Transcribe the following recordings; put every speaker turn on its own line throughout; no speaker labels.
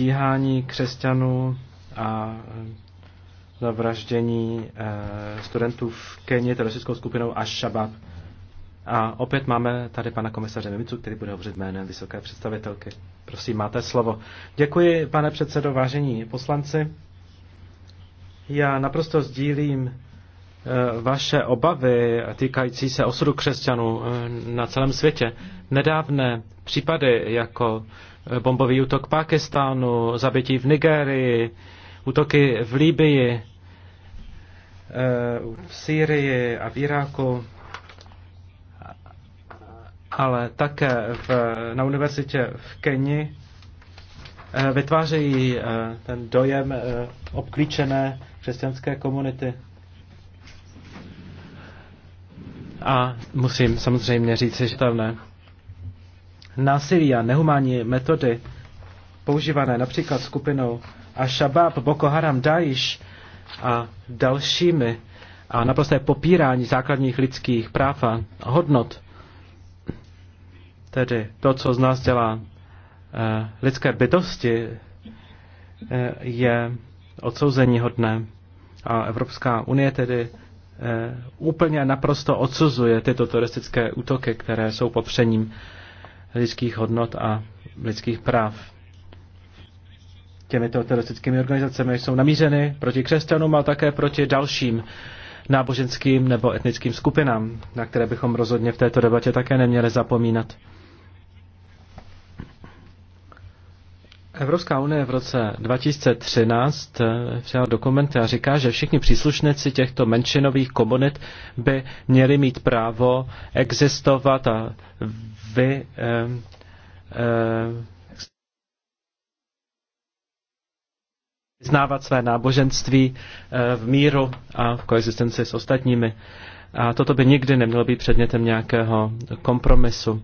stíhání křesťanů a eh, zavraždění eh, studentů v Keni teroristickou skupinou ash shabab A opět máme tady pana komisaře Mimicu, který bude hovořit jménem vysoké představitelky. Prosím, máte slovo. Děkuji, pane předsedo, vážení poslanci. Já naprosto sdílím eh, vaše obavy týkající se osudu křesťanů na celém světě. Nedávné případy jako Eh, bombový útok Pakistánu, zabití v Nigérii, útoky v Líbii, eh, v Sýrii a v Iráku, ale také v, na univerzitě v Keni eh, vytvářejí ten dojem obklíčené křesťanské komunity. A musím samozřejmě říct, že tam ne násilí a nehumánní metody používané například skupinou a Shabab Boko Haram, Daish a dalšími a naprosté popírání základních lidských práv a hodnot, tedy to, co z nás dělá eh, lidské bytosti, eh, je odsouzení hodné. A Evropská unie tedy eh, úplně naprosto odsuzuje tyto turistické útoky, které jsou popřením eh, lidských hodnot a lidských práv. Těmito teroristickými organizacemi jsou namířeny proti křesťanům ale také proti dalším náboženským nebo etnickým skupinám, na které bychom rozhodně v této debatě také neměli zapomínat. Evropská unie v roce 2013 eh, přijala dokumenty a říká, že všichni příslušníci těchto menšinových komunit by měli mít právo existovat a vy, eh, eh, vyznávat své náboženství v míru a v koexistenci s ostatními. A toto by nikdy nemělo být předmětem nějakého kompromisu.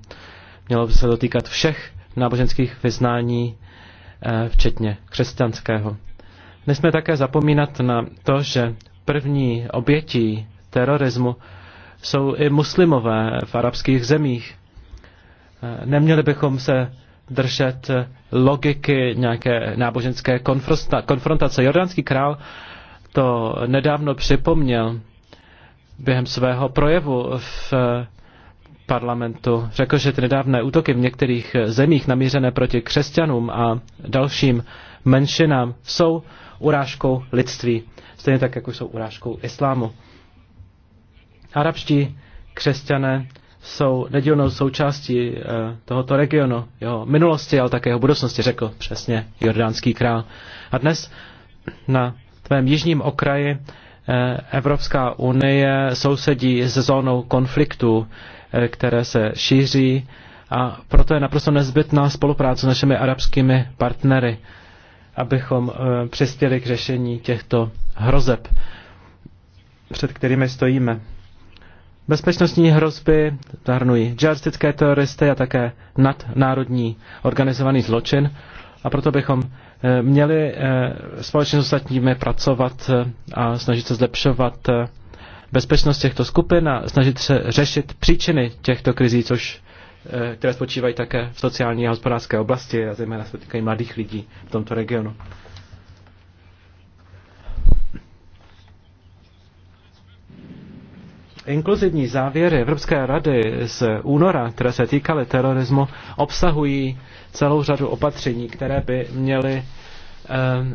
Mělo by se dotýkat všech náboženských vyznání, Eh, včetně křesťanského. Nesmíme také zapomínat na to, že první obětí terorismu jsou i muslimové v arabských zemích. Eh, neměli bychom se držet logiky nějaké náboženské konfrontace. Jordánský král to nedávno připomněl během svého projevu v eh, parlamentu řekl, že ty nedávné útoky v některých zemích namířené proti křesťanům a dalším menšinám jsou urážkou lidství, stejně tak, jako jsou urážkou islámu. Arabští křesťané jsou nedílnou součástí eh, tohoto regionu, jeho minulosti, ale také jeho budoucnosti, řekl přesně jordánský král. A dnes na tvém jižním okraji eh, Evropská unie sousedí se zónou konfliktu Eh, které se šíří a proto je naprosto nezbytná spolupráce s našimi arabskými partnery, abychom eh, přispěli k řešení těchto hrozeb, před kterými stojíme. Bezpečnostní hrozby zahrnují džihadistické teroristy a také nadnárodní organizovaný zločin a proto bychom eh, měli společně s ostatními pracovat a snažit se zlepšovat bezpečnost těchto skupin a snažit se řešit příčiny těchto krizí, což eh, které spočívají také v sociální a hospodářské oblasti a zejména se týkají mladých lidí v tomto regionu. Inkluzivní závěry Evropské rady z února, které se týkaly terorismu, obsahují celou řadu opatření, které by měly eh,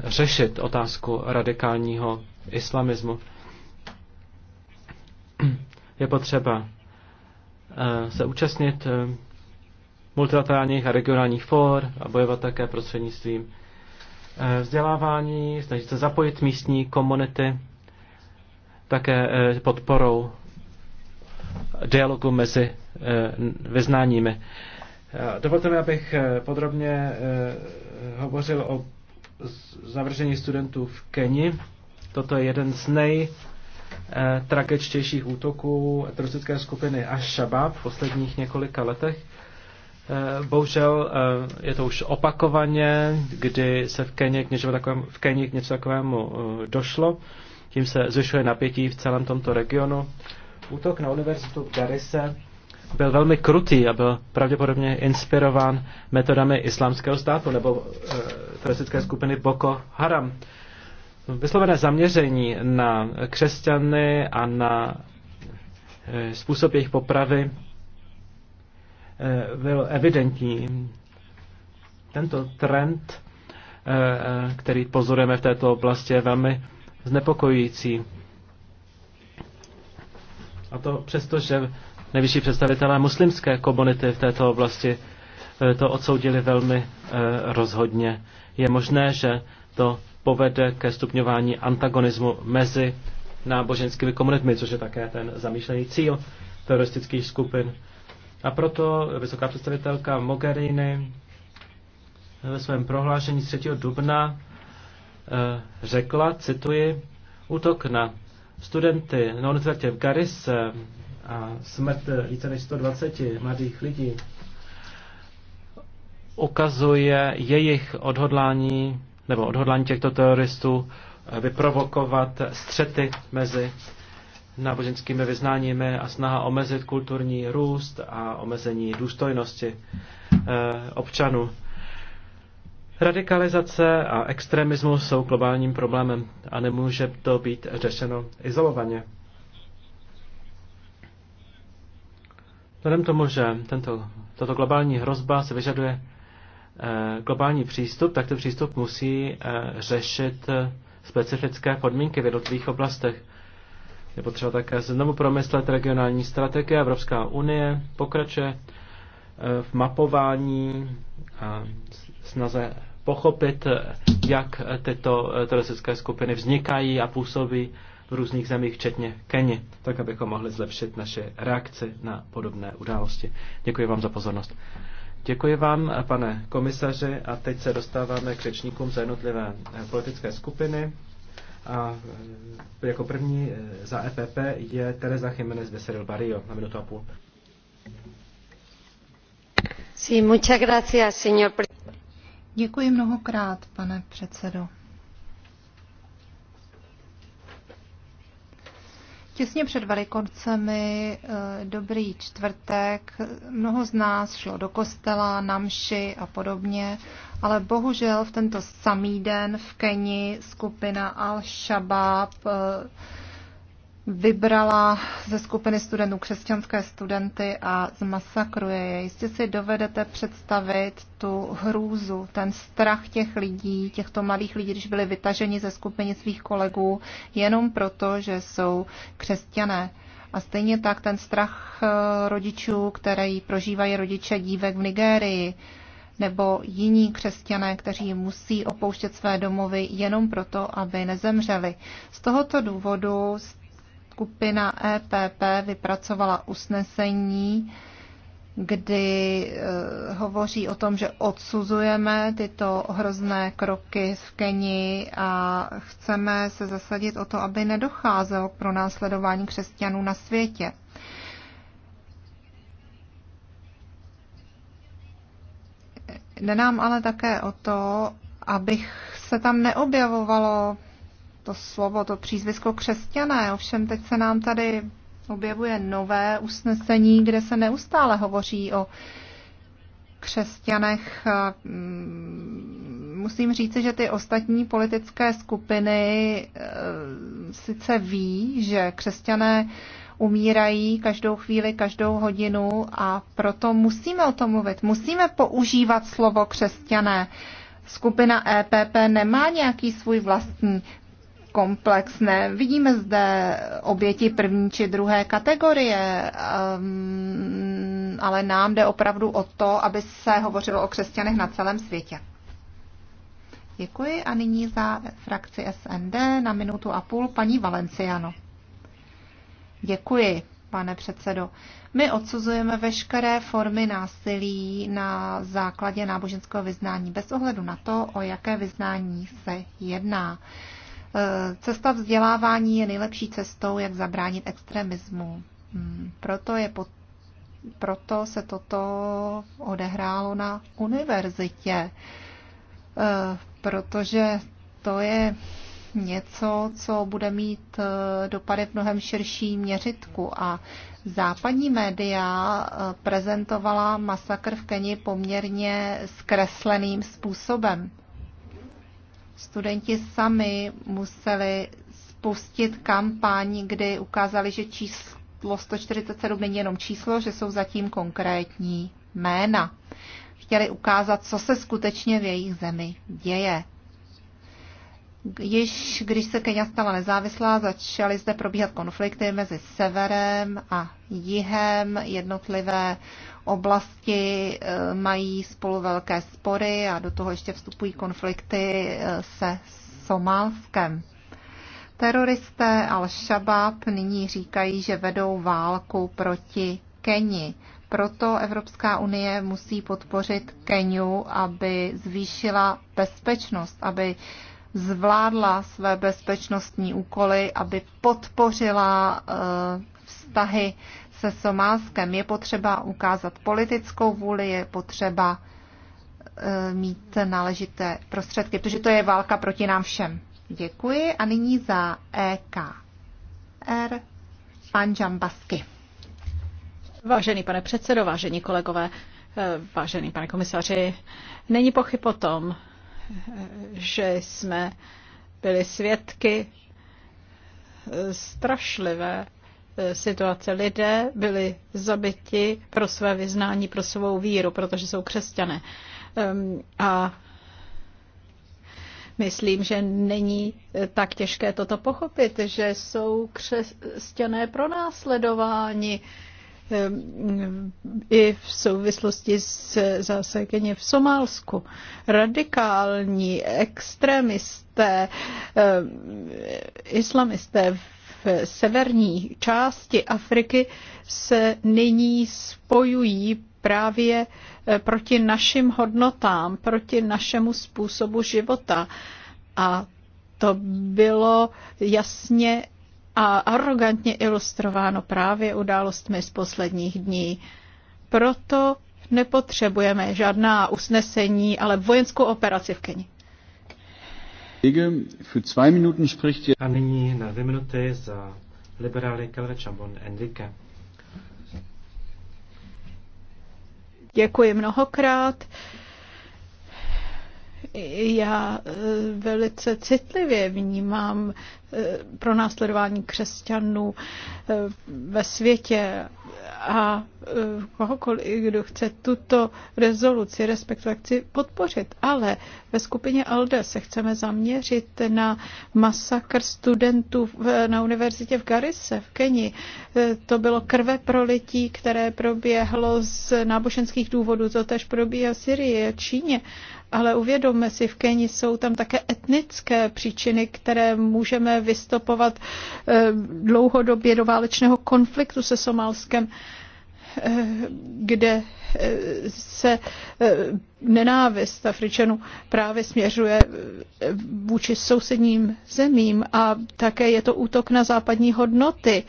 řešit otázku radikálního islamismu. Je potřeba eh, se účastnit eh, multilaterálních a regionálních fór a bojovat také prostřednictvím eh, vzdělávání, snažit se zapojit místní komunity, také podporou dialogu mezi vyznáními. Dovolte mi, abych podrobně hovořil o zavržení studentů v Keni. Toto je jeden z nej Eh, tragičtějších útoků teroristické skupiny až Shabab v posledních několika letech. Eh, bohužel eh, je to už opakovaně, kdy se v Keni k něčemu takovému, v Keni k něčemu takovému došlo. Tím se zvyšuje napětí v celém tomto regionu. Útok na univerzitu v Garise byl velmi krutý a byl pravděpodobně inspirován metodami islámského státu nebo e, teroristické skupiny Boko Haram vyslovené zaměření na křesťany a na eh, způsob jejich popravy eh, byl evidentní. Tento trend, eh, který pozorujeme v této oblasti, je velmi znepokojující. A to přesto, že nejvyšší představitelé muslimské komunity v této oblasti to odsoudili velmi rozhodně. Je možné, že to povede ke stupňování antagonismu mezi náboženskými komunitami, což je také ten zamýšlený cíl teroristických skupin. A proto vysoká představitelka Mogherini ve svém prohlášení 3. dubna eh, řekla, cituji, útok na studenty na univerzitě v Garise a smrt více než 120 mladých lidí ukazuje jejich odhodlání nebo odhodlání těchto teroristů eh, vyprovokovat střety mezi náboženskými vyznáními a snaha omezit kulturní růst a omezení důstojnosti eh, občanů. Radikalizace a extremismus jsou globálním problémem a nemůže to být řešeno izolovaně. Vzhledem tomu, že tento, tato globální hrozba se vyžaduje Eh, globální přístup, tak ten přístup musí eh, řešit eh, specifické podmínky v jednotlivých oblastech. Je potřeba také znovu promyslet regionální strategie. Evropská unie pokračuje v mapování a snaze pochopit, jak tyto teroristické skupiny vznikají a působí v různých zemích, včetně Keni, tak abychom mohli zlepšit naše reakci na podobné události. Děkuji vám za pozornost. Děkuji vám, pane komisaři, a teď se dostáváme k řečníkům za jednotlivé eh, politické skupiny. A eh, jako první eh, za EPP je Teresa Jiménez Becerril Barrio na minutu a půl.
Sí, muchas gracias, señor Děkuji mnohokrát, pane předsedo. Těsně před Velikoncemi, eh, dobrý čtvrtek, mnoho z nás šlo do kostela, na mši a podobně, ale bohužel v tento samý den v Keni skupina Al-Shabaab eh, vybrala ze skupiny studentů křesťanské studenty a zmasakruje je. Jistě si dovedete představit tu hrůzu, ten strach těch lidí, těchto malých lidí, když byli vytaženi ze skupiny svých kolegů, jenom proto, že jsou křesťané. A stejně tak ten strach eh, rodičů, který prožívají rodiče dívek v Nigérii, nebo jiní křesťané, kteří musí opouštět své domovy jenom proto, aby nezemřeli. Z tohoto důvodu skupina EPP vypracovala usnesení, kdy eh, hovoří o tom, že odsuzujeme tyto hrozné kroky v Keni a chceme se zasadit o to, aby nedocházelo k pronásledování křesťanů na světě. Jde nám ale také o to, abych se tam neobjavovalo to slovo, to přízvisko křesťané. Ovšem teď se nám tady objevuje nové usnesení, kde se neustále hovoří o křesťanech. Mm, musím říct, že ty ostatní politické skupiny e, sice ví, že křesťané umírají každou chvíli, každou hodinu a proto musíme o tom mluvit. Musíme používat slovo křesťané. Skupina EPP nemá nějaký svůj vlastní komplexné. Vidíme zde oběti první či druhé kategorie, um, ale nám jde opravdu o to, aby se hovořilo o křesťanech na celém světě. Děkuji a nyní za frakci SND na minutu a půl paní Valenciano. Děkuji, pane předsedo. My odsuzujeme veškeré formy násilí na základě náboženského vyznání, bez ohledu na to, o jaké vyznání se jedná. Cesta vzdělávání je nejlepší cestou, jak zabránit extremismu. Hmm, proto, je pod, proto se toto odehrálo na univerzitě, eh, protože to je něco, co bude mít eh, dopady v mnohem širším měřitku. A západní média eh, prezentovala masakr v Keni poměrně zkresleným způsobem. Studenti sami museli spustit kampaň, kdy ukázali, že číslo 147 není jenom číslo, že jsou zatím konkrétní jména. Chtěli ukázat, co se skutečně v jejich zemi děje. Již když se Kenya stala nezávislá, začaly zde probíhat konflikty mezi severem a jihem. Jednotlivé oblasti eh, mají spolu velké spory a do toho ještě vstupují konflikty eh, se Somálskem. Teroristé Al-Shabaab nyní říkají, že vedou válku proti Keni. Proto Evropská unie musí podpořit Keniu, aby zvýšila bezpečnost, aby zvládla své bezpečnostní úkoly, aby podpořila eh, vztahy se Somálskem. Je potřeba ukázat politickou vůli, je potřeba e, mít náležité prostředky, protože to je válka proti nám všem. Děkuji a nyní za EKR pan Jambasky.
Vážený pane předsedo, vážení kolegové, e, vážený pane komisaři, není pochyb o tom, e, že jsme byli svědky strašlivé E, situace. Lidé byli zabiti pro své vyznání, pro svou víru, protože jsou křesťané. A myslím, že není e, tak těžké toto pochopit, že jsou křesťané pronásledováni i v souvislosti s zásakeně v Somálsku. Radikální extremisté, islamisté v severní části Afriky se nyní spojují právě eh, proti našim hodnotám, proti našemu způsobu života. A to bylo jasně a arrogantně ilustrováno právě událostmi z posledních dní. Proto nepotřebujeme žádná usnesení, ale vojenskou operaci v Keni.
A nyní na dvě minuty za liberály Kelve Chambon Enrique.
Děkuji mnohokrát já eh, velice citlivě vnímám eh, pro následování křesťanů eh, ve světě a kohokoliv, kdo chce tuto rezoluci respektovat, chci podpořit. Ale ve skupině ALDE se chceme zaměřit na masakr studentů na univerzitě v Garise v Keni. To bylo krve prolití, které proběhlo z náboženských důvodů, to tež probíhá v Syrii a Číně. Ale uvědomme si, v Keni jsou tam také etnické příčiny, které můžeme vystopovat eh, dlouhodobě do válečného konfliktu se Somálskem eh, kde eh, se nenávist Afričanů právě směřuje vůči sousedním zemím a také je to útok na západní hodnoty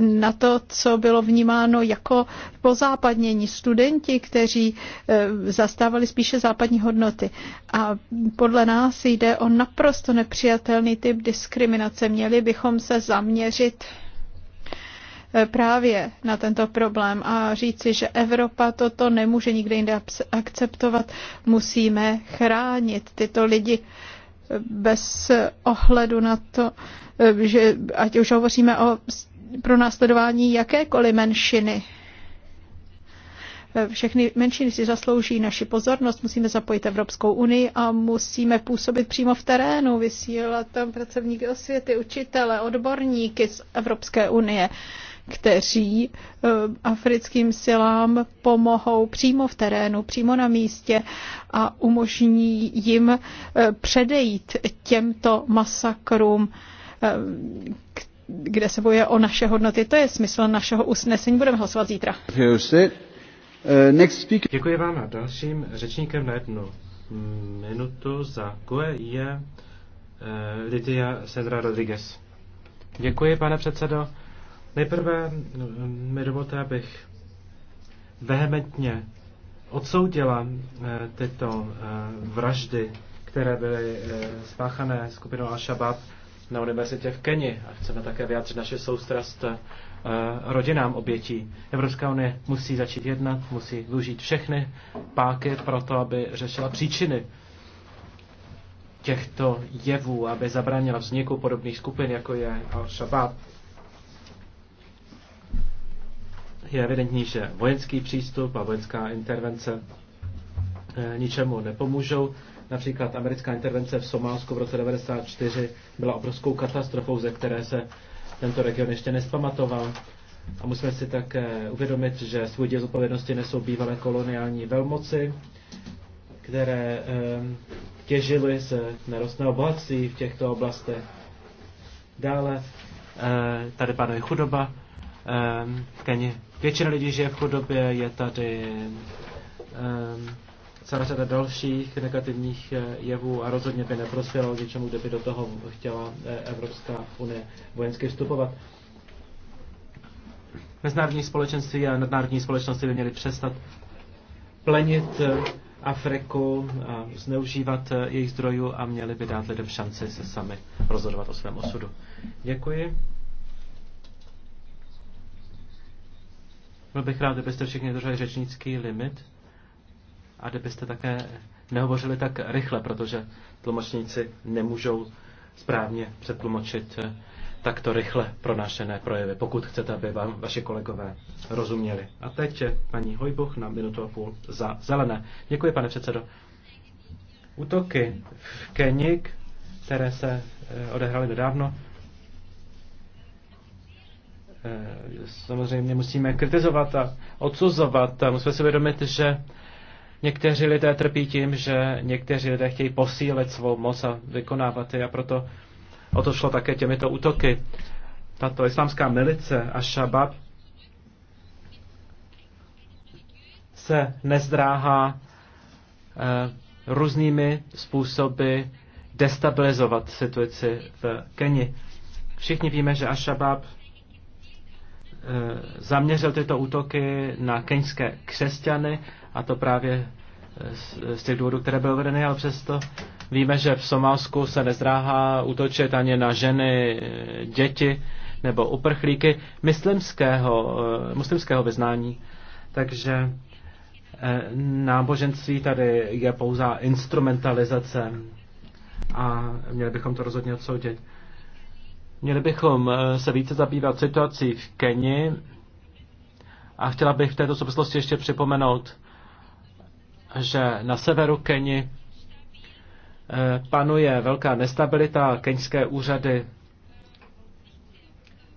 na to, co bylo vnímáno jako pozápadnění. Studenti, kteří eh, zastávali spíše západní hodnoty. A podle nás jde o naprosto nepřijatelný typ diskriminace. Měli bychom se zaměřit eh, právě na tento problém a říci, že Evropa toto nemůže nikde jinde akceptovat. Musíme chránit tyto lidi eh, bez ohledu na to, že ať už hovoříme o pro následování jakékoliv menšiny. Všechny menšiny si zaslouží naši pozornost, musíme zapojit Evropskou unii a musíme působit přímo v terénu, vysílat tam pracovníky osvěty, učitele, odborníky z Evropské unie, kteří eh, africkým silám pomohou přímo v terénu, přímo na místě a umožní jim eh, předejít těmto masakrům, eh, kde se bojuje o naše hodnoty. To je smysl našeho usnesení. Budeme hlasovat zítra.
Uh, Děkuji vám a dalším řečníkem na jednu minutu za GUE je eh, Lidia Sedra Rodriguez. Děkuji, pane předsedo. Nejprve eh, mi dovolte, abych vehementně odsoudila eh, tyto vraždy, které byly spáchané skupinou Al-Shabaab na univerzitě v Keni a chceme také vyjádřit naše soustrast eh, rodinám obětí. Evropská unie musí začít jednat, musí využít všechny páky pro to, aby řešila příčiny těchto jevů, aby zabránila vzniku podobných skupin, jako je Al-Shabaab. Je evidentní, že vojenský přístup a vojenská intervence eh, ničemu nepomůžou. Například americká intervence v Somálsku v roce 1994 byla obrovskou katastrofou, ze které se tento region ještě nespamatoval. A musíme si také uvědomit, že svůj díl zodpovědnosti nesou bývalé koloniální velmoci, které ehm, těžily z nerostného bohatství v těchto oblastech. Dále eh, tady panuje chudoba. Ehm, v Keni většina lidí žije v chudobě, je tady ehm, celá řada dalších negativních eh, jevů a rozhodně by neprosvělo něčemu, kde by do toho chtěla eh, Evropská unie vojensky vstupovat. Mezinárodní společenství a nadnárodní společnosti by měly přestat plenit eh, Afriku a zneužívat jejich zdrojů a měli by dát lidem šanci se sami rozhodovat o svém osudu. Děkuji. Byl bych rád, kdybyste všichni držali řečnický limit a kdybyste také nehovořili tak rychle, protože tlumočníci nemůžou správně přetlumočit eh, takto rychle pronášené projevy, pokud chcete, aby vám vaši kolegové rozuměli. A teď je eh, paní Hojboch na minutu a půl za zelené. Děkuji, pane předsedo. Útoky v Kenik, které se eh, odehrály nedávno, samozřejmě musíme kritizovat a odsuzovat. Musíme si uvědomit, že Někteří lidé trpí tím, že někteří lidé chtějí posílit svou moc a vykonávat je a proto o to šlo také těmito útoky. Tato islámská milice a šabab se nezdráhá eh, různými způsoby destabilizovat situaci v Keni. Všichni víme, že Ashabab eh, zaměřil tyto útoky na keňské křesťany a to právě eh, z těch důvodů, které byly uvedeny, ale přesto víme, že v Somálsku se nezdráhá útočit ani na ženy, eh, děti nebo uprchlíky muslimského, eh, muslimského vyznání. Takže náboženství tady je pouze instrumentalizace a měli bychom to rozhodně odsoudit. Měli bychom se více zabývat situací v Keni a chtěla bych v této souvislosti ještě připomenout že na severu Keni eh, panuje velká nestabilita, keňské úřady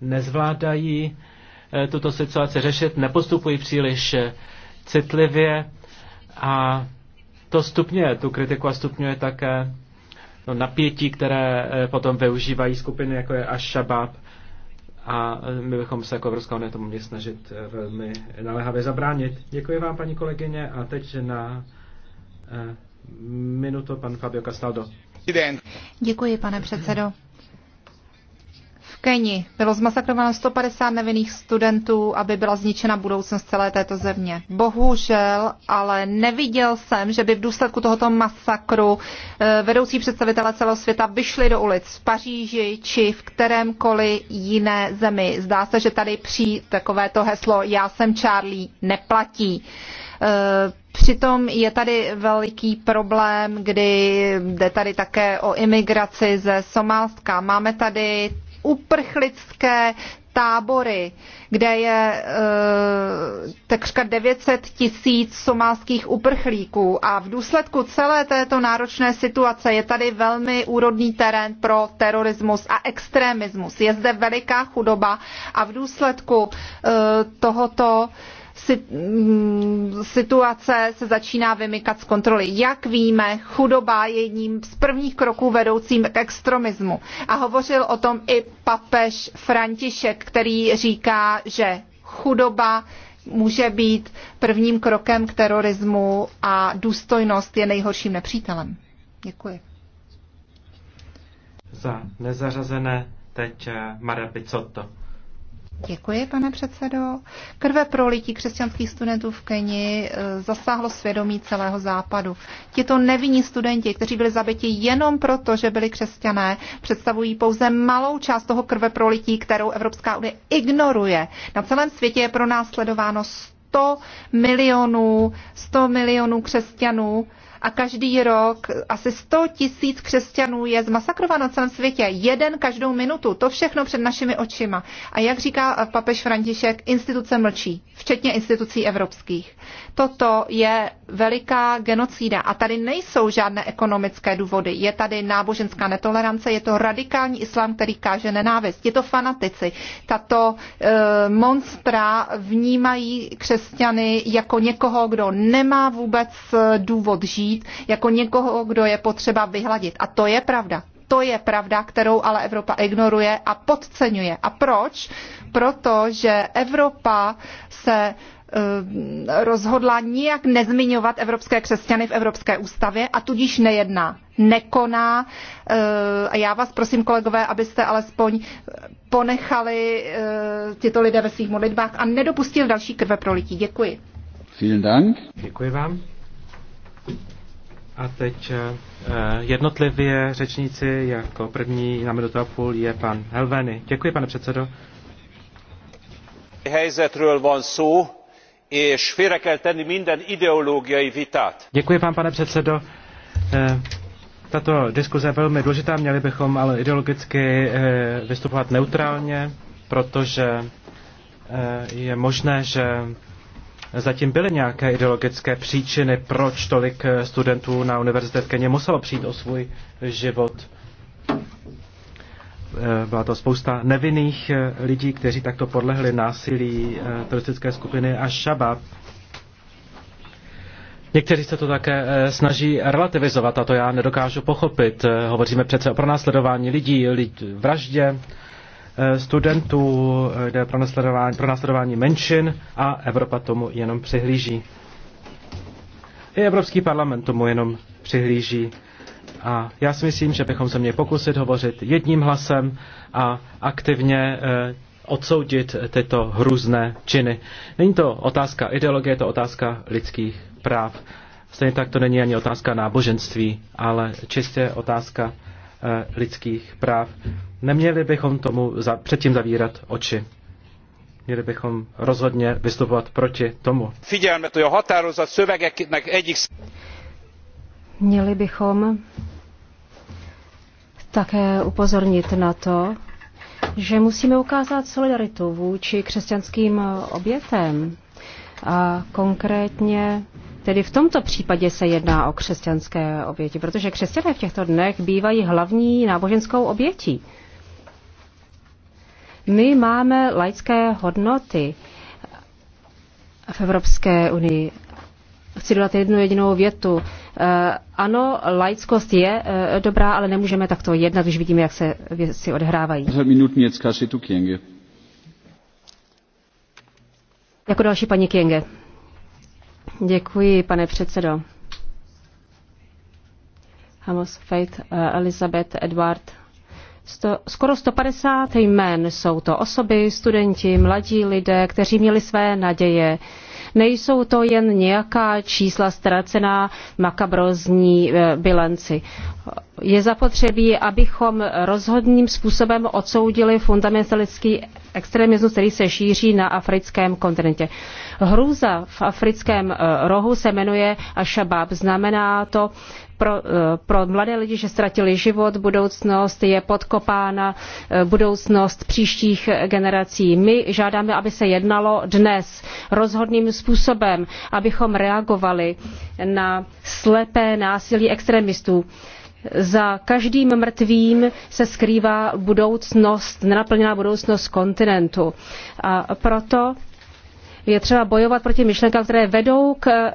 nezvládají eh, tuto situaci řešit, nepostupují příliš eh, citlivě a to stupňuje tu kritiku a stupňuje také to napětí, které potom využívají skupiny jako je Ash-Shabaab a my bychom se jako Evropská unie tomu měli snažit velmi naléhavě zabránit. Děkuji vám, paní kolegyně, a teď na eh, minutu pan Fabio Castaldo.
Děkuji, pane předsedo. Keni bylo zmasakrováno 150 nevinných studentů, aby byla zničena budoucnost celé této země. Bohužel, ale neviděl jsem, že by v důsledku tohoto masakru eh, vedoucí představitelé celého světa vyšli do ulic v Paříži či v kterémkoliv jiné zemi. Zdá se, že tady při takovéto heslo Já jsem Charlie neplatí. Eh, přitom je tady veliký problém, kdy jde tady také o imigraci ze Somálska. Máme tady uprchlické tábory, kde je e, takřka 900 tisíc somálských uprchlíků a v důsledku celé této náročné situace je tady velmi úrodný terén pro terorismus a extremismus. Je zde veliká chudoba a v důsledku e, tohoto e, Mm, situace se začíná vymykat z kontroly. Jak víme, chudoba je jedním z prvních kroků vedoucím k extremismu. A hovořil o tom i papež František, který říká, že chudoba může být prvním krokem k terorismu a důstojnost je nejhorším nepřítelem. Děkuji.
Za nezařazené teď eh, Mara Picotto.
Děkuji, pane předsedo. Krve pro lití křesťanských studentů v Keni eh, zasáhlo svědomí celého západu. Tito nevinní studenti, kteří byli zabiti jenom proto, že byli křesťané, představují pouze malou část toho krve pro lití, kterou Evropská unie ignoruje. Na celém světě je pro nás sledováno 100 milionů, 100 milionů křesťanů a každý rok asi 100 tisíc křesťanů je zmasakrováno na celém světě. Jeden každou minutu. To všechno před našimi očima. A jak říká papež František, instituce mlčí, včetně institucí evropských. Toto je veliká genocída a tady nejsou žádné ekonomické důvody. Je tady náboženská netolerance, je to radikální islám, který káže nenávist. Je to fanatici. Tato e, monstra vnímají křesťany jako někoho, kdo nemá vůbec eh, důvod žít vzít jako někoho, kdo je potřeba vyhladit. A to je pravda. To je pravda, kterou ale Evropa ignoruje a podceňuje. A proč? Protože Evropa se eh, rozhodla nijak nezmiňovat evropské křesťany v Evropské ústavě a tudíž nejedná, nekoná. Eh, a já vás prosím, kolegové, abyste alespoň ponechali eh, tyto lidé ve svých modlitbách a nedopustili další krve pro Děkuji.
Vielen Dank. Děkuji vám. A teď eh, eh, jednotlivě řečníci jako první na minutu a půl je pan Helveny. Děkuji, pane předsedo.
Helyzetről van szó, és félre kell tenni minden ideológiai vitát.
Děkuji vám, pane předsedo. Eh, tato diskuze je velmi důležitá, měli bychom ale ideologicky vystupovat neutrálně, protože je možné, že zatím byly nějaké ideologické příčiny, proč tolik eh, studentů na univerzitě v Keně muselo přijít o svůj život. Eh, byla to spousta nevinných eh, lidí, kteří takto podlehli násilí turistické skupiny a šaba. Někteří se to také snaží relativizovat a to já nedokážu pochopit. Hovoříme přece o pronásledování lidí, lid, vraždě, Eh, studentů, eh, jde pro následování, pro následování menšin a Evropa tomu jenom přihlíží. I Evropský parlament tomu jenom přihlíží. A já si myslím, že bychom se měli pokusit hovořit jedním hlasem a aktivně eh, odsoudit tyto hrůzné činy. Není to otázka ideologie, je to otázka lidských práv. Stejně tak to není ani otázka náboženství, ale čistě otázka Eh, lidských práv. Neměli bychom tomu za, předtím zavírat oči. Měli bychom rozhodně vystupovat proti tomu.
Měli bychom také upozornit na to, že musíme ukázat solidaritu vůči křesťanským obětem a konkrétně Tedy v tomto případě se jedná o křesťanské oběti, protože křesťané v těchto dnech bývají hlavní náboženskou obětí. My máme laické hodnoty v Evropské unii. Chci dodat jednu jedinou větu. Eh, ano, laickost je eh, dobrá, ale nemůžeme takto jednat, když vidíme, jak se věci odehrávají. Jako další paní Kienge. Děkuji, pane předsedo. Hamos, Faith, eh, Elizabeth, Edward. Sto, skoro 150 jmen jsou to osoby, studenti, mladí lidé, kteří měli své naděje Nejsou to jen nějaká čísla ztracená makabrozní eh, bilanci. Je zapotřebí, abychom rozhodným způsobem odsoudili fundamentalistický extremismus, který se šíří na africkém kontinentě. Hrůza v africkém eh, rohu se jmenuje Ashabab. Znamená to pro, eh, pro mladé lidi, že ztratili život, budoucnost je podkopána, eh, budoucnost příštích generací. My žádáme, aby se jednalo dnes rozhodným způsobem, abychom reagovali na slepé násilí extremistů. Za každým mrtvým se skrývá budoucnost, nenaplněná budoucnost kontinentu. A proto je třeba bojovat proti myšlenkám, které vedou k, eh,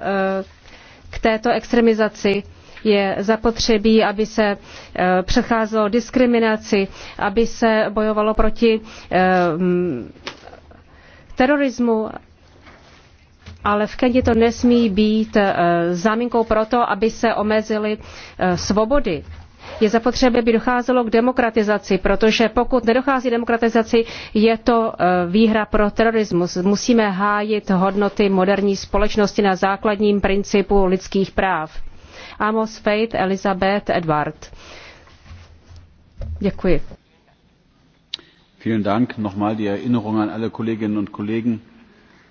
k této extremizaci je zapotřebí, aby se eh, předcházelo diskriminaci, aby se bojovalo proti eh, terorismu ale v Keni to nesmí být eh, záminkou proto, aby se omezily svobody. Je zapotřebí, aby docházelo k demokratizaci, protože pokud nedochází demokratizaci, je to výhra pro terorismus. Musíme hájit hodnoty moderní společnosti na základním principu lidských práv. Amos Faith, Elizabeth Edward. Děkuji.
Vielen Dank. Nochmal die Erinnerung an alle Kolleginnen und Kollegen,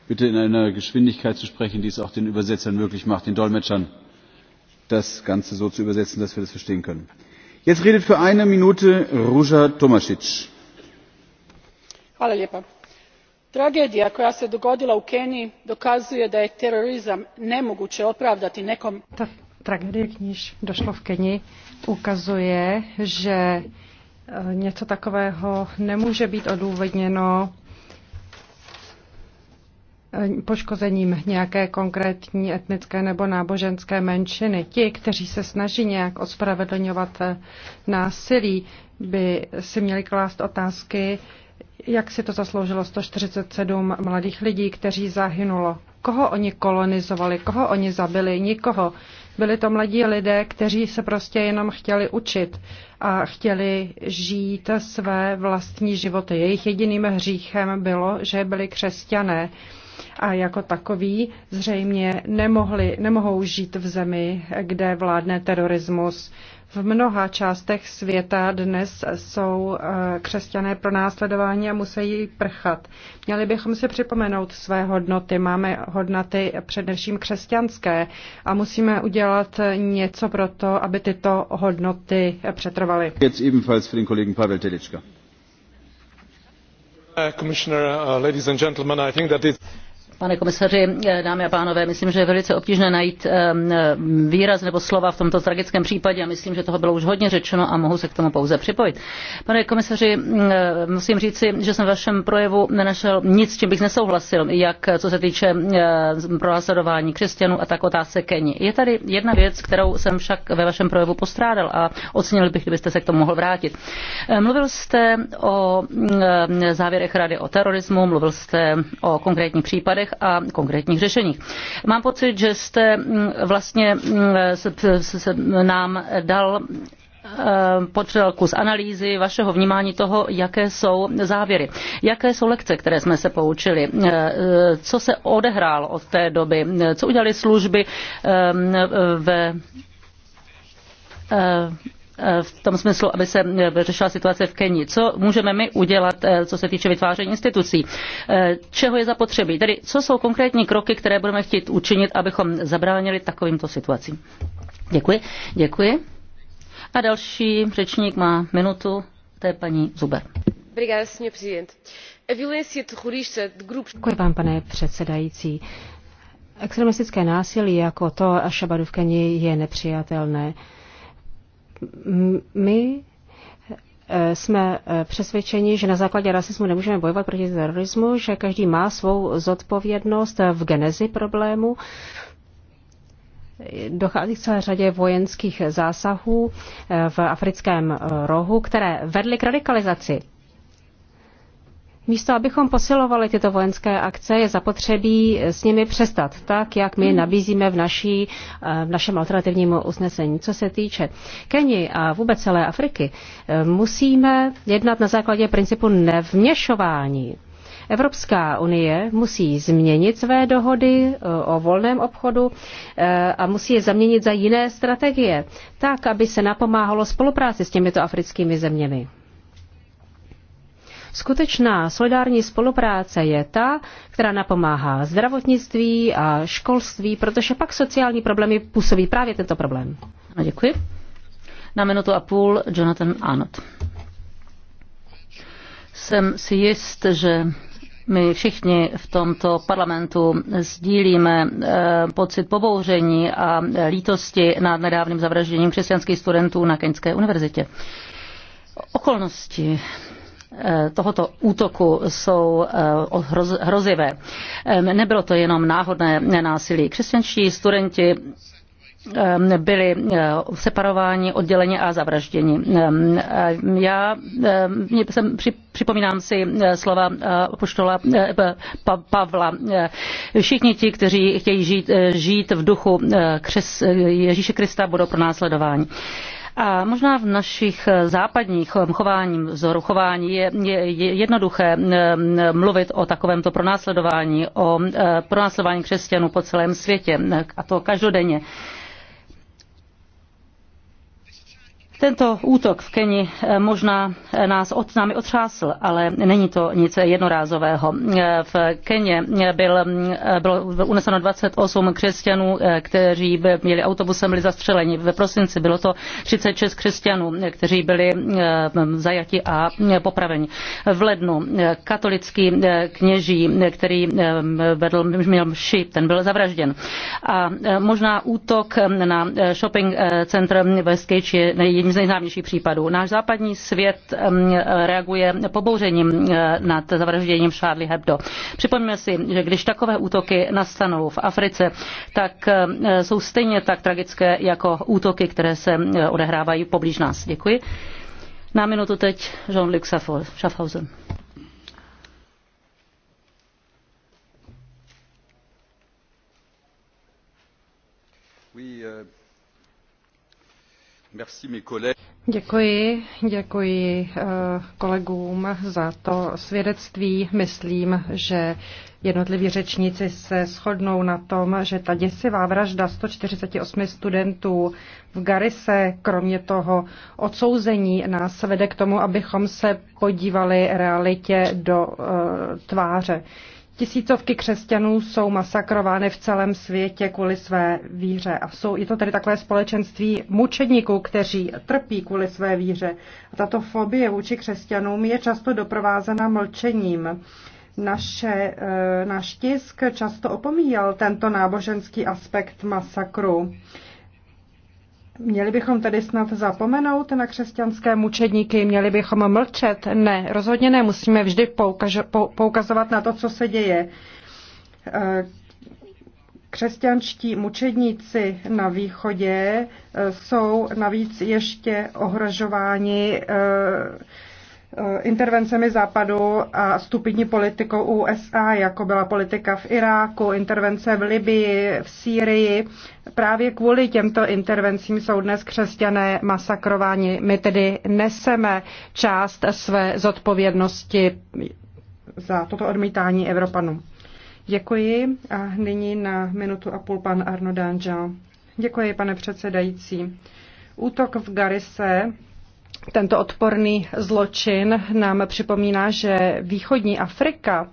bitte in einer Geschwindigkeit zu sprechen, die es auch den Übersetzern möglich macht, den Dolmetschern, das Ganze so zu übersetzen, dass wir das verstehen können. Jetzt redet für eine Minute Ruža Tomasić.
Hvala lijepa. Tragedija koja se dogodila u Keniji dokazuje da je terorizam nemoguće opravdati nekom
tragédie, kníž níž došlo v Keni, ukazuje, že eh, něco takového nemůže být odůvodněno eh, poškozením nějaké konkrétní etnické nebo náboženské menšiny. Ti, kteří se snaží nějak ospravedlňovat eh, násilí, by si měli klást otázky, jak si to zasloužilo 147 mladých lidí, kteří zahynulo. Koho oni kolonizovali, koho oni zabili, nikoho. Byli to mladí lidé, kteří se prostě jenom chtěli učit a chtěli žít své vlastní životy. Jejich jediným hříchem bylo, že byli křesťané a jako takoví zřejmě nemohli, nemohou žít v zemi, kde vládne terorismus. V mnoha částech světa dnes jsou eh, křesťané pro následování a musí prchat. Měli bychom si připomenout své hodnoty. Máme hodnoty především křesťanské a musíme udělat něco pro to, aby tyto hodnoty přetrvaly.
Uh, uh, ladies and gentlemen, I think that it's...
Pane komisaři, eh, dámy a pánové, myslím, že je velice obtížné najít eh, výraz nebo slova v tomto tragickém případě a myslím, že toho bylo už hodně řečeno a mohu se k tomu pouze připojit. Pane komisaři, eh, musím říci, že jsem v vašem projevu nenašel nic, čím bych nesouhlasil, jak co se týče pronásledování křesťanů a tak otázce Keni. Je tady jedna věc, kterou jsem však ve vašem projevu postrádal a ocenil bych, kdybyste se k tomu mohl vrátit. Mluvil jste o závěrech rady o terorismu, mluvil jste o konkrétních případech, návrzích a konkrétních řešeních. Mám pocit, že jste mm, vlastně mm, se nám dal eh, potřeboval kus analýzy vašeho vnímání toho, jaké jsou závěry, jaké jsou lekce, které jsme se poučili, eh, eh, co se odehrálo od té doby, co udělali služby ve v tom smyslu, aby se eh, řešila situace v Kenii. Co můžeme my udělat, eh, co se týče vytváření institucí? Eh, čeho je zapotřebí? Tedy co jsou konkrétní kroky, které budeme chtít učinit, abychom zabránili takovýmto situacím? Děkuji. Děkuji. A další
řečník má minutu, to je paní Zuber. Děkuji vám, pane předsedající. Extremistické násilí jako to šabadu v Keni je nepřijatelné. My e, jsme e, přesvědčeni, že na základě rasismu nemůžeme bojovat proti terorismu, že každý má svou zodpovědnost v genezi problému. Dochází k celé řadě vojenských zásahů e, v africkém rohu, které vedly k radikalizaci Místo, abychom posilovali tyto vojenské akce, je zapotřebí s nimi přestat, tak jak my hmm. nabízíme v, naší, eh, v našem alternativním usnesení. Co se týče Keni a vůbec celé Afriky, eh, musíme jednat na základě principu nevměšování. Evropská unie musí změnit své dohody eh, o volném obchodu a musí je zaměnit za jiné strategie, tak, aby se napomáhalo spolupráci s těmito africkými zeměmi. Skutečná solidární spolupráce je ta, která napomáhá zdravotnictví a školství, protože pak sociální problémy působí právě tento problém. No, děkuji. Na minutu a půl
Jonathan Arnott. Jsem si jist, že my všichni v tomto parlamentu sdílíme eh, pocit pobouření a lítosti nad nedávným zavražděním křesťanských studentů na Keňské univerzitě. Okolnosti Eh, tohoto útoku jsou eh, hrozivé. Nebylo to jenom náhodné násilí. Křesťanští studenti byli eh, separováni, odděleni a zavražděni. Já jsem, připomínám si slova poštola Pavla. Všichni ti, kteří chtějí žít, žít v duchu Ježíše Krista, budou pronásledováni. následování. A možná v našich eh, západních eh, chování, vzoru chování je, je, je jednoduché eh, mluvit o takovémto pronásledování, o pronásledování křesťanů po celém světě, a to každodenně. Tento útok v Keni eh, možná eh, nás od námi otřásl, ale není to nic jednorázového. Eh, v Keně byl, mm, bylo uneseno 28 křesťanů, kteří měli autobusem, byli zastřeleni. Ve prosinci bylo to 36 křesťanů, kteří byli mm, zajati a mm, popraveni. V lednu katolický kněží, který vedl, měl šip, ten byl zavražděn. A možná útok na shopping centrum Skejči je jedním z nejznámějších případů. Náš západní svět reaguje pobouřením eh, nad zavražděním Charlie Hebdo. Připomněme si, že když takové útoky nastanou v Africe, tak eh, jsou stejně tak tragické jako útoky, které se eh, odehrávají poblíž nás. Děkuji. Na minutu teď Jean-Luc Schaffhausen.
Oui, euh...
Děkuji, děkuji eh, kolegům za to svědectví. Myslím, že jednotliví řečníci se shodnou na tom, že ta děsivá vražda 148 studentů v Garise, kromě toho odsouzení, nás vede k tomu, abychom se podívali realitě do eh, tváře. Tisícovky křesťanů jsou masakrovány v celém světě kvůli své víře. A jsou, i to tedy takové společenství mučedníků, kteří trpí kvůli své víře. A tato fobie vůči křesťanům je často doprovázena mlčením. Naše, eh, náš tisk často opomíjel tento náboženský aspekt masakru. Měli bychom tedy snad zapomenout na křesťanské mučedníky, měli bychom mlčet? Ne, rozhodně ne, musíme vždy poukazovat na to, co se děje. E, křesťanští mučedníci na východě e, jsou navíc ještě ohrožováni e, Eh, intervencemi západu a stupidní politikou USA, jako byla politika v Iráku, intervence v Libii, v Sýrii. Právě kvůli těmto intervencím jsou dnes křesťané masakrováni. My tedy neseme část své zodpovědnosti za toto odmítání Evropanů. Děkuji a nyní na minutu a půl pan Arno Danjean. Děkuji, pane předsedající. Útok v Garise tento odporný zločin nám připomíná, že východní Afrika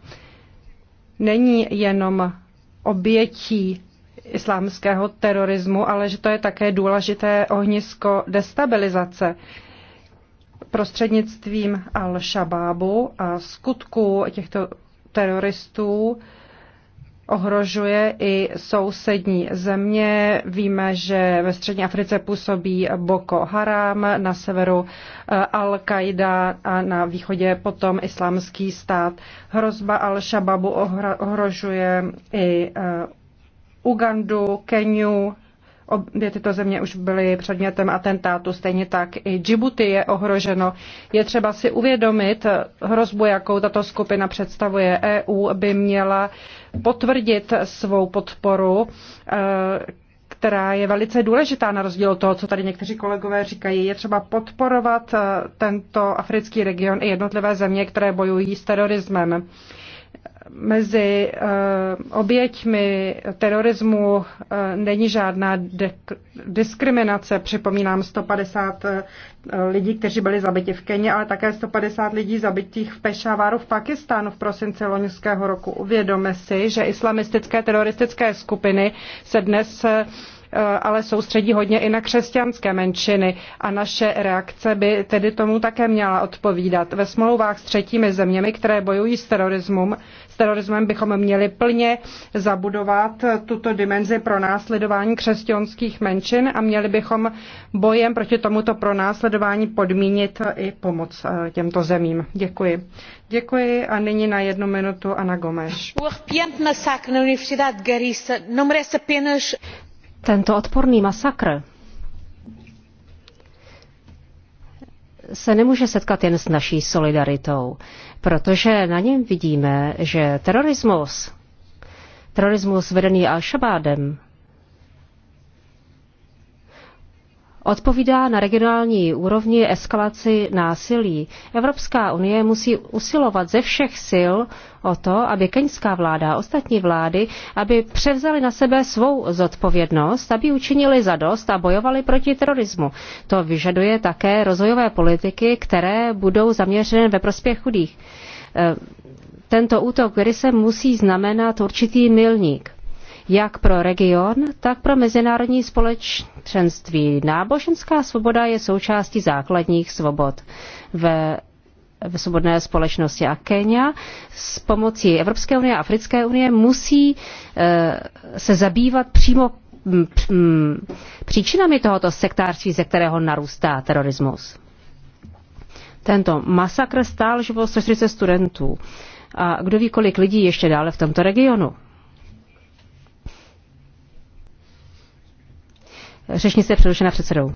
není jenom obětí islámského terorismu, ale že to je také důležité ohnisko destabilizace prostřednictvím Al-Shabaabu a skutku těchto teroristů ohrožuje i sousední země. Víme, že ve střední Africe působí Boko Haram, na severu eh, Al-Qaida a na východě potom islámský stát. Hrozba Al-Shababu ohrožuje i eh, Ugandu, Keniu, Obě tyto země už byly předmětem atentátu, stejně tak i Djibouti je ohroženo. Je třeba si uvědomit hrozbu, jakou tato skupina představuje. EU by měla potvrdit svou podporu e, která je velice důležitá na rozdíl od toho, co tady někteří kolegové říkají. Je třeba podporovat e, tento africký region i jednotlivé země, které bojují s terorismem mezi eh, oběťmi terorismu eh, není žádná diskriminace. Připomínám 150 eh, lidí, kteří byli zabiti v Keni, ale také 150 lidí zabitých v Pešáváru v Pakistánu v prosinci loňského roku. Uvědome si, že islamistické teroristické skupiny se dnes Eh, ale soustředí hodně i na křesťanské menšiny a naše reakce by tedy tomu také měla odpovídat. Ve smlouvách s třetími zeměmi, které bojují s terorismem, s terorismem bychom měli plně zabudovat tuto dimenzi pro následování křesťanských menšin a měli bychom bojem proti tomuto pronásledování podmínit i pomoc eh, těmto zemím. Děkuji. Děkuji a nyní na jednu minutu
Ana Gomes. Tento odporný masakr se nemůže setkat jen s naší solidaritou, protože na něm vidíme, že terorismus, terorismus vedený Al-Shabaadem, odpovídá na regionální úrovni eskalaci násilí. Evropská unie musí usilovat ze všech sil o to, aby keňská vláda a ostatní vlády, aby převzali na sebe svou zodpovědnost, aby učinili zadost a bojovali proti terorismu. To vyžaduje také rozvojové politiky, které budou zaměřené ve prospěch chudých. E, tento útok který se musí znamenat určitý milník jak pro region, tak pro mezinárodní společenství. Náboženská svoboda je součástí základních svobod ve v svobodné společnosti. A Kenia s pomocí Evropské unie a Africké unie musí eh, se zabývat přímo mm, mm, příčinami tohoto sektářství, ze kterého narůstá terorismus. Tento masakr stál život 140 studentů a kdo ví, kolik lidí ještě dále v tomto regionu. Řečnice je přerušena předsedou.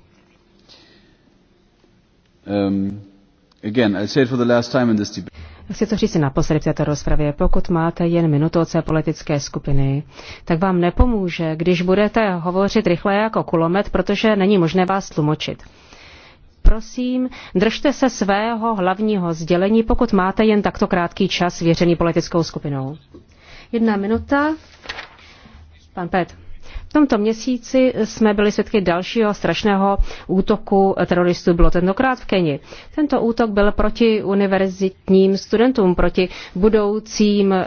Um, again, I it for the last time in this debate.
Chci to říct naposledy v této rozpravě. Pokud máte jen minutu od své politické skupiny, tak vám nepomůže, když budete hovořit rychle jako kulomet, protože není možné vás tlumočit. Prosím, držte se svého hlavního sdělení, pokud máte jen takto krátký čas věřený politickou skupinou. Jedna minuta. Pan Pet. V tomto měsíci jsme byli svědky dalšího strašného útoku teroristů. Bylo tentokrát v Keni. Tento útok byl proti univerzitním studentům, proti budoucím eh,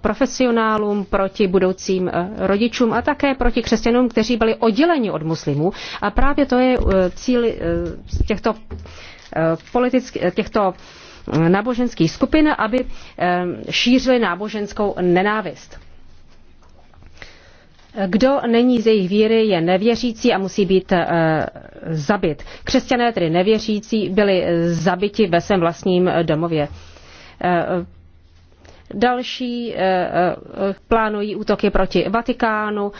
profesionálům, proti budoucím eh, rodičům a také proti křesťanům, kteří byli odděleni od muslimů. A právě to je eh, cíl těchto, politických, těchto náboženských skupin, aby šířili náboženskou nenávist. Kdo není z jejich víry, je nevěřící a musí být uh, zabit. Křesťané, tedy nevěřící, byli eh, zabiti ve svém vlastním eh, domově. další plánují útoky proti Vatikánu,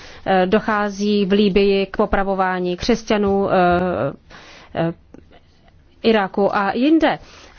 dochází v Líbii k popravování křesťanů Iráku a jinde.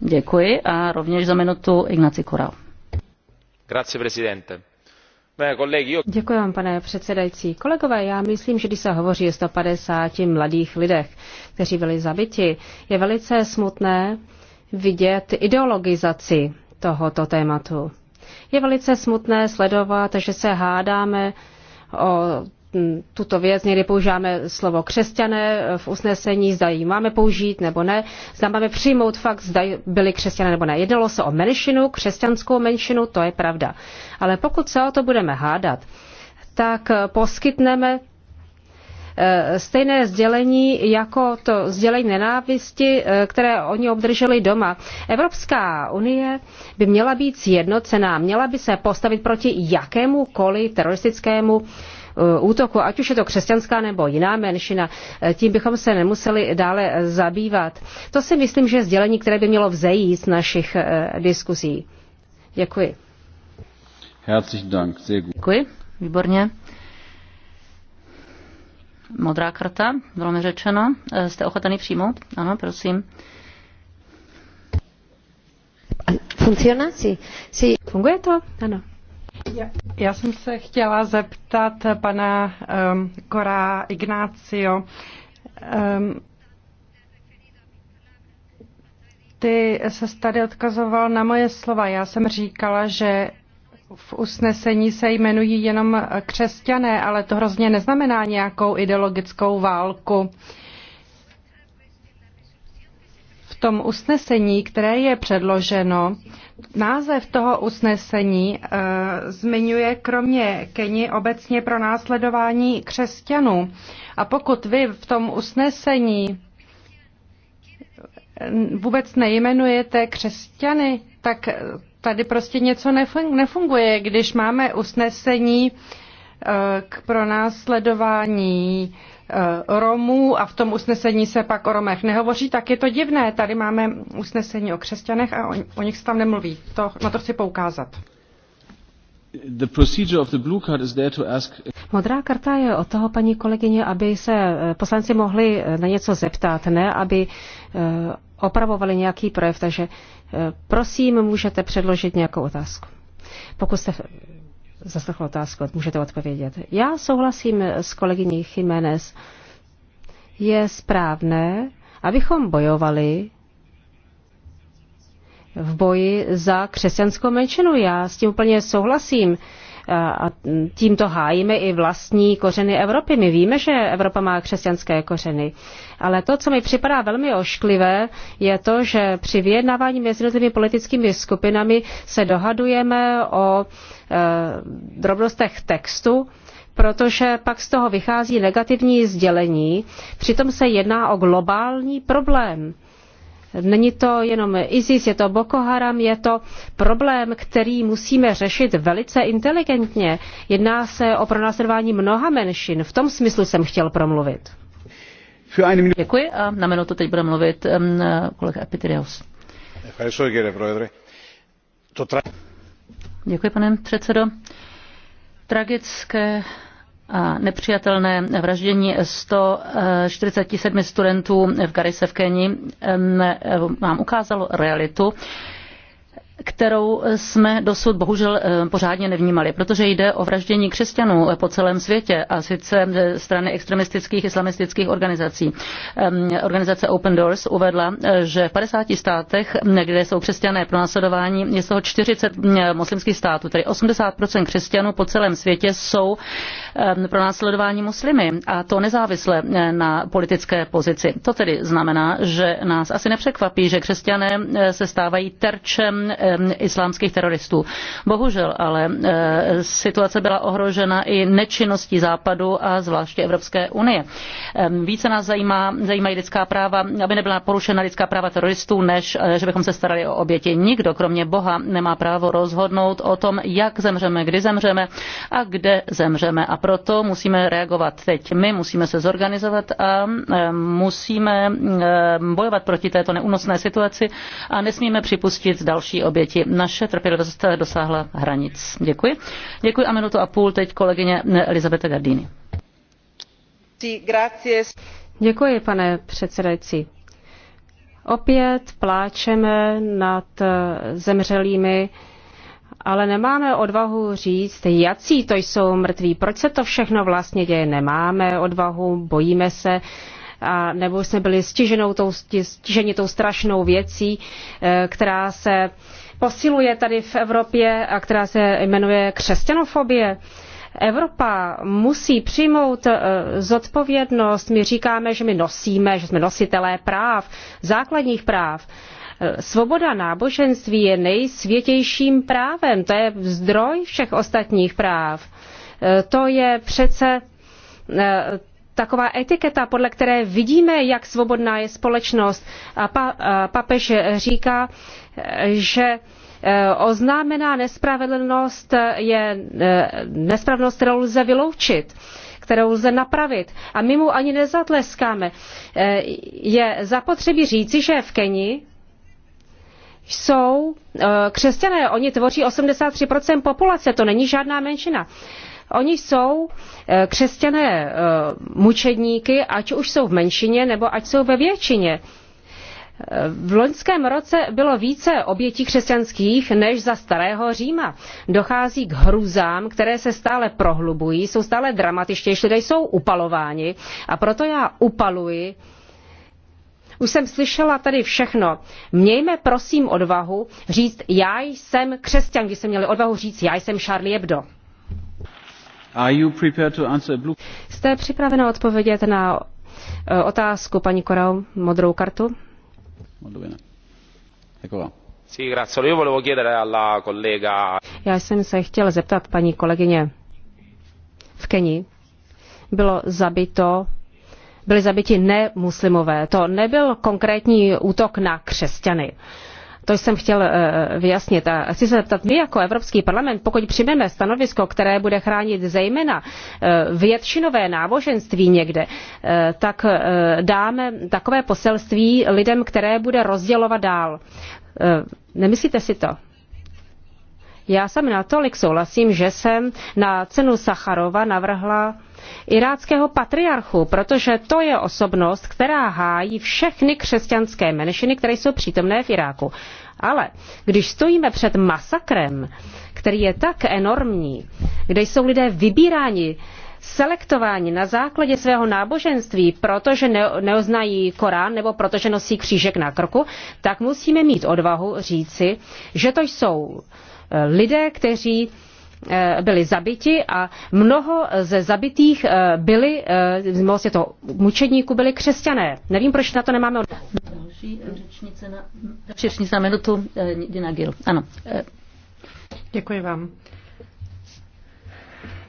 Děkuji a rovněž za minutu Ignaci Koral.
Děkuji vám, pane předsedající. Kolegové, já myslím, že když se hovoří o 150 mladých lidech, kteří byli zabiti, je velice smutné vidět ideologizaci tohoto tématu. Je velice smutné sledovat, že se hádáme o tuto věc. Někdy používáme slovo křesťané e, v usnesení, zda ji máme použít nebo ne. Zda máme přijmout fakt, zda byli křesťané nebo ne. Jednalo se o menšinu, křesťanskou menšinu, to je pravda. Ale pokud se o to budeme hádat, tak e, poskytneme e, stejné sdělení jako to sdělení nenávisti, které oni obdrželi doma. Evropská unie by měla být sjednocená, měla by se postavit proti jakémukoliv teroristickému Eh, útoku, ať už je to křesťanská nebo jiná menšina, eh, tím bychom se nemuseli dále zabývat. To si myslím, že je sdělení, které by mělo vzejít z našich eh, diskuzí. Děkuji.
Herzlichen Dank, Děkuji,
výborně.
Modrá karta, bylo mi řečeno. Jste ochotený přijmout? Ano, prosím.
Funkcionáci? Si? Funguje to? Ano.
Já jsem se chtěla zeptat pana um, ehm, Korá Ignácio. Um, ty se tady odkazoval na moje slova. Já jsem říkala, že v usnesení se jmenují jenom křesťané, ale to hrozně neznamená nějakou ideologickou válku. Uh, v tom usnesení, které je předloženo, název toho usnesení e, zmiňuje kromě Keni obecně pro následování křesťanů. A pokud vy v tom usnesení vůbec nejmenujete křesťany, tak tady prostě něco nefunguje. Když máme usnesení eh, k pronásledování Eh, Romů a v tom usnesení se pak o Romech nehovoří, tak je to divné. Tady máme usnesení o křesťanech a o, o nich se tam nemluví. To, na to chci poukázat.
The procedure of the blue card is there to ask...
Modrá karta je od toho, paní kolegyně, aby se eh, poslanci mohli eh, na něco zeptat, ne aby opravovali nějaký projev, takže prosím, můžete předložit nějakou otázku. Pokud jste zaslechl otázku, můžete odpovědět. Já souhlasím s kolegyní Jiménez. Je správné, abychom bojovali v boji za křesťanskou menšinu. Já s tím úplně souhlasím. A tímto hájíme i vlastní kořeny Evropy. My víme, že Evropa má křesťanské kořeny. Ale to, co mi připadá velmi ošklivé, je to, že při vyjednávání mezi jednotlivými politickými skupinami se dohadujeme o e, drobnostech textu, protože pak z toho vychází negativní sdělení. Přitom se jedná o globální problém Není to jenom ISIS, je to Boko Haram, je to problém, který musíme řešit velice inteligentně. Jedná se o pronásledování mnoha menšin. V tom smyslu jsem chtěl promluvit.
Děkuji a na minutu teď bude mluvit um, kolega Epitrios. Děkuji, pane předsedo. Tragické a nepřijatelné vraždění 147 studentů v Garise v Keni nám ukázalo realitu, kterou jsme dosud bohužel eh, pořádně nevnímali, protože jde o vraždění křesťanů eh, po celém světě a sice eh, strany extremistických islamistických organizací. Ehm, organizace Open Doors uvedla, že v 50 státech, kde jsou křesťané pronásledování, je z toho 40 muslimských států, tedy 80% křesťanů po celém světě jsou ehm, pronásledování muslimy a to nezávisle na politické pozici. To tedy znamená, že nás asi nepřekvapí, že křesťané se stávají terčem Um, islámských teroristů. Bohužel ale uh, situace byla ohrožena i nečinností Západu a zvláště Evropské unie. Um, více nás zajímá, zajímají lidská práva, aby nebyla porušena lidská práva teroristů, než uh, že bychom se starali o oběti. Nikdo, kromě Boha, nemá právo rozhodnout o tom, jak zemřeme, kdy zemřeme a kde zemřeme. A proto musíme reagovat teď. My musíme se zorganizovat a um, musíme bojovat proti této neúnosné situaci a nesmíme připustit další oběti oběti. Naše trpělivost dosáhla hranic. Děkuji. Děkuji a minutu a půl teď kolegyně Elizabeta Gardini.
Děkuji, pane předsedající. Opět pláčeme nad zemřelými, ale nemáme odvahu říct, jací to jsou mrtví, proč se to všechno vlastně děje. Nemáme odvahu, bojíme se, a nebo jsme byli stiženou tou, stiženi tou strašnou věcí, eh, která se posiluje tady v Evropě a která se jmenuje křesťanofobie. Evropa musí přijmout eh, zodpovědnost. My říkáme, že my nosíme, že jsme nositelé práv, základních práv. Eh, svoboda náboženství je nejsvětějším právem, to je zdroj všech ostatních práv. Eh, to je přece taková etiketa, podle které vidíme, jak svobodná je společnost. A papež říká, že eh, oznámená nespravedlnost je eh, nespravedlnost, kterou lze vyloučit kterou lze napravit. A my mu ani nezatleskáme. Eh, je zapotřebí říci, že v Keni jsou křesťané. Oni tvoří 83% populace, to není žádná menšina. Oni jsou křesťané mučedníky, ať už jsou v menšině, nebo ať jsou ve většině. V loňském roce bylo více obětí křesťanských než za starého Říma. Dochází k hrůzám, které se stále prohlubují, jsou stále dramatičtější, lidé jsou upalováni a proto já upaluji už jsem slyšela tady všechno. Mějme prosím odvahu říct, já jsem křesťan, když jsme měli odvahu říct, já jsem Charlie Hebdo. Jste připravena odpovědět na eh, otázku paní Korau, modrou kartu?
Molto bene.
Ecco qua.
Já jsem se chtěl zeptat paní kolegyně. V Keni bylo zabito, byli zabiti nemuslimové. To nebyl konkrétní útok na křesťany. Uh, to jsem chtěl eh, vyjasnit. A chci se zeptat, my jako Evropský parlament, pokud přijmeme stanovisko, které bude chránit zejména eh, většinové náboženství někde, eh, tak dáme takové poselství lidem, které bude rozdělovat dál. Nemyslíte si to? Já jsem natolik souhlasím, že jsem na cenu Sacharova navrhla iráckého patriarchu, protože to je osobnost, která hájí všechny křesťanské menšiny, které jsou přítomné v Iráku. Ale když stojíme před masakrem, který je tak enormní, kde jsou lidé vybíráni, selektováni na základě svého náboženství, protože neoznají Korán nebo protože nosí křížek na krku, tak musíme mít odvahu říci, že to jsou eh, lidé, kteří Eh, byli zabiti a mnoho ze zabitých eh, byli, eh, vlastně to mučedníků byli křesťané. Nevím, proč na to nemáme od...
Další řečnice na, řečnice na minutu, Dina Gil. Ano. Děkuji vám.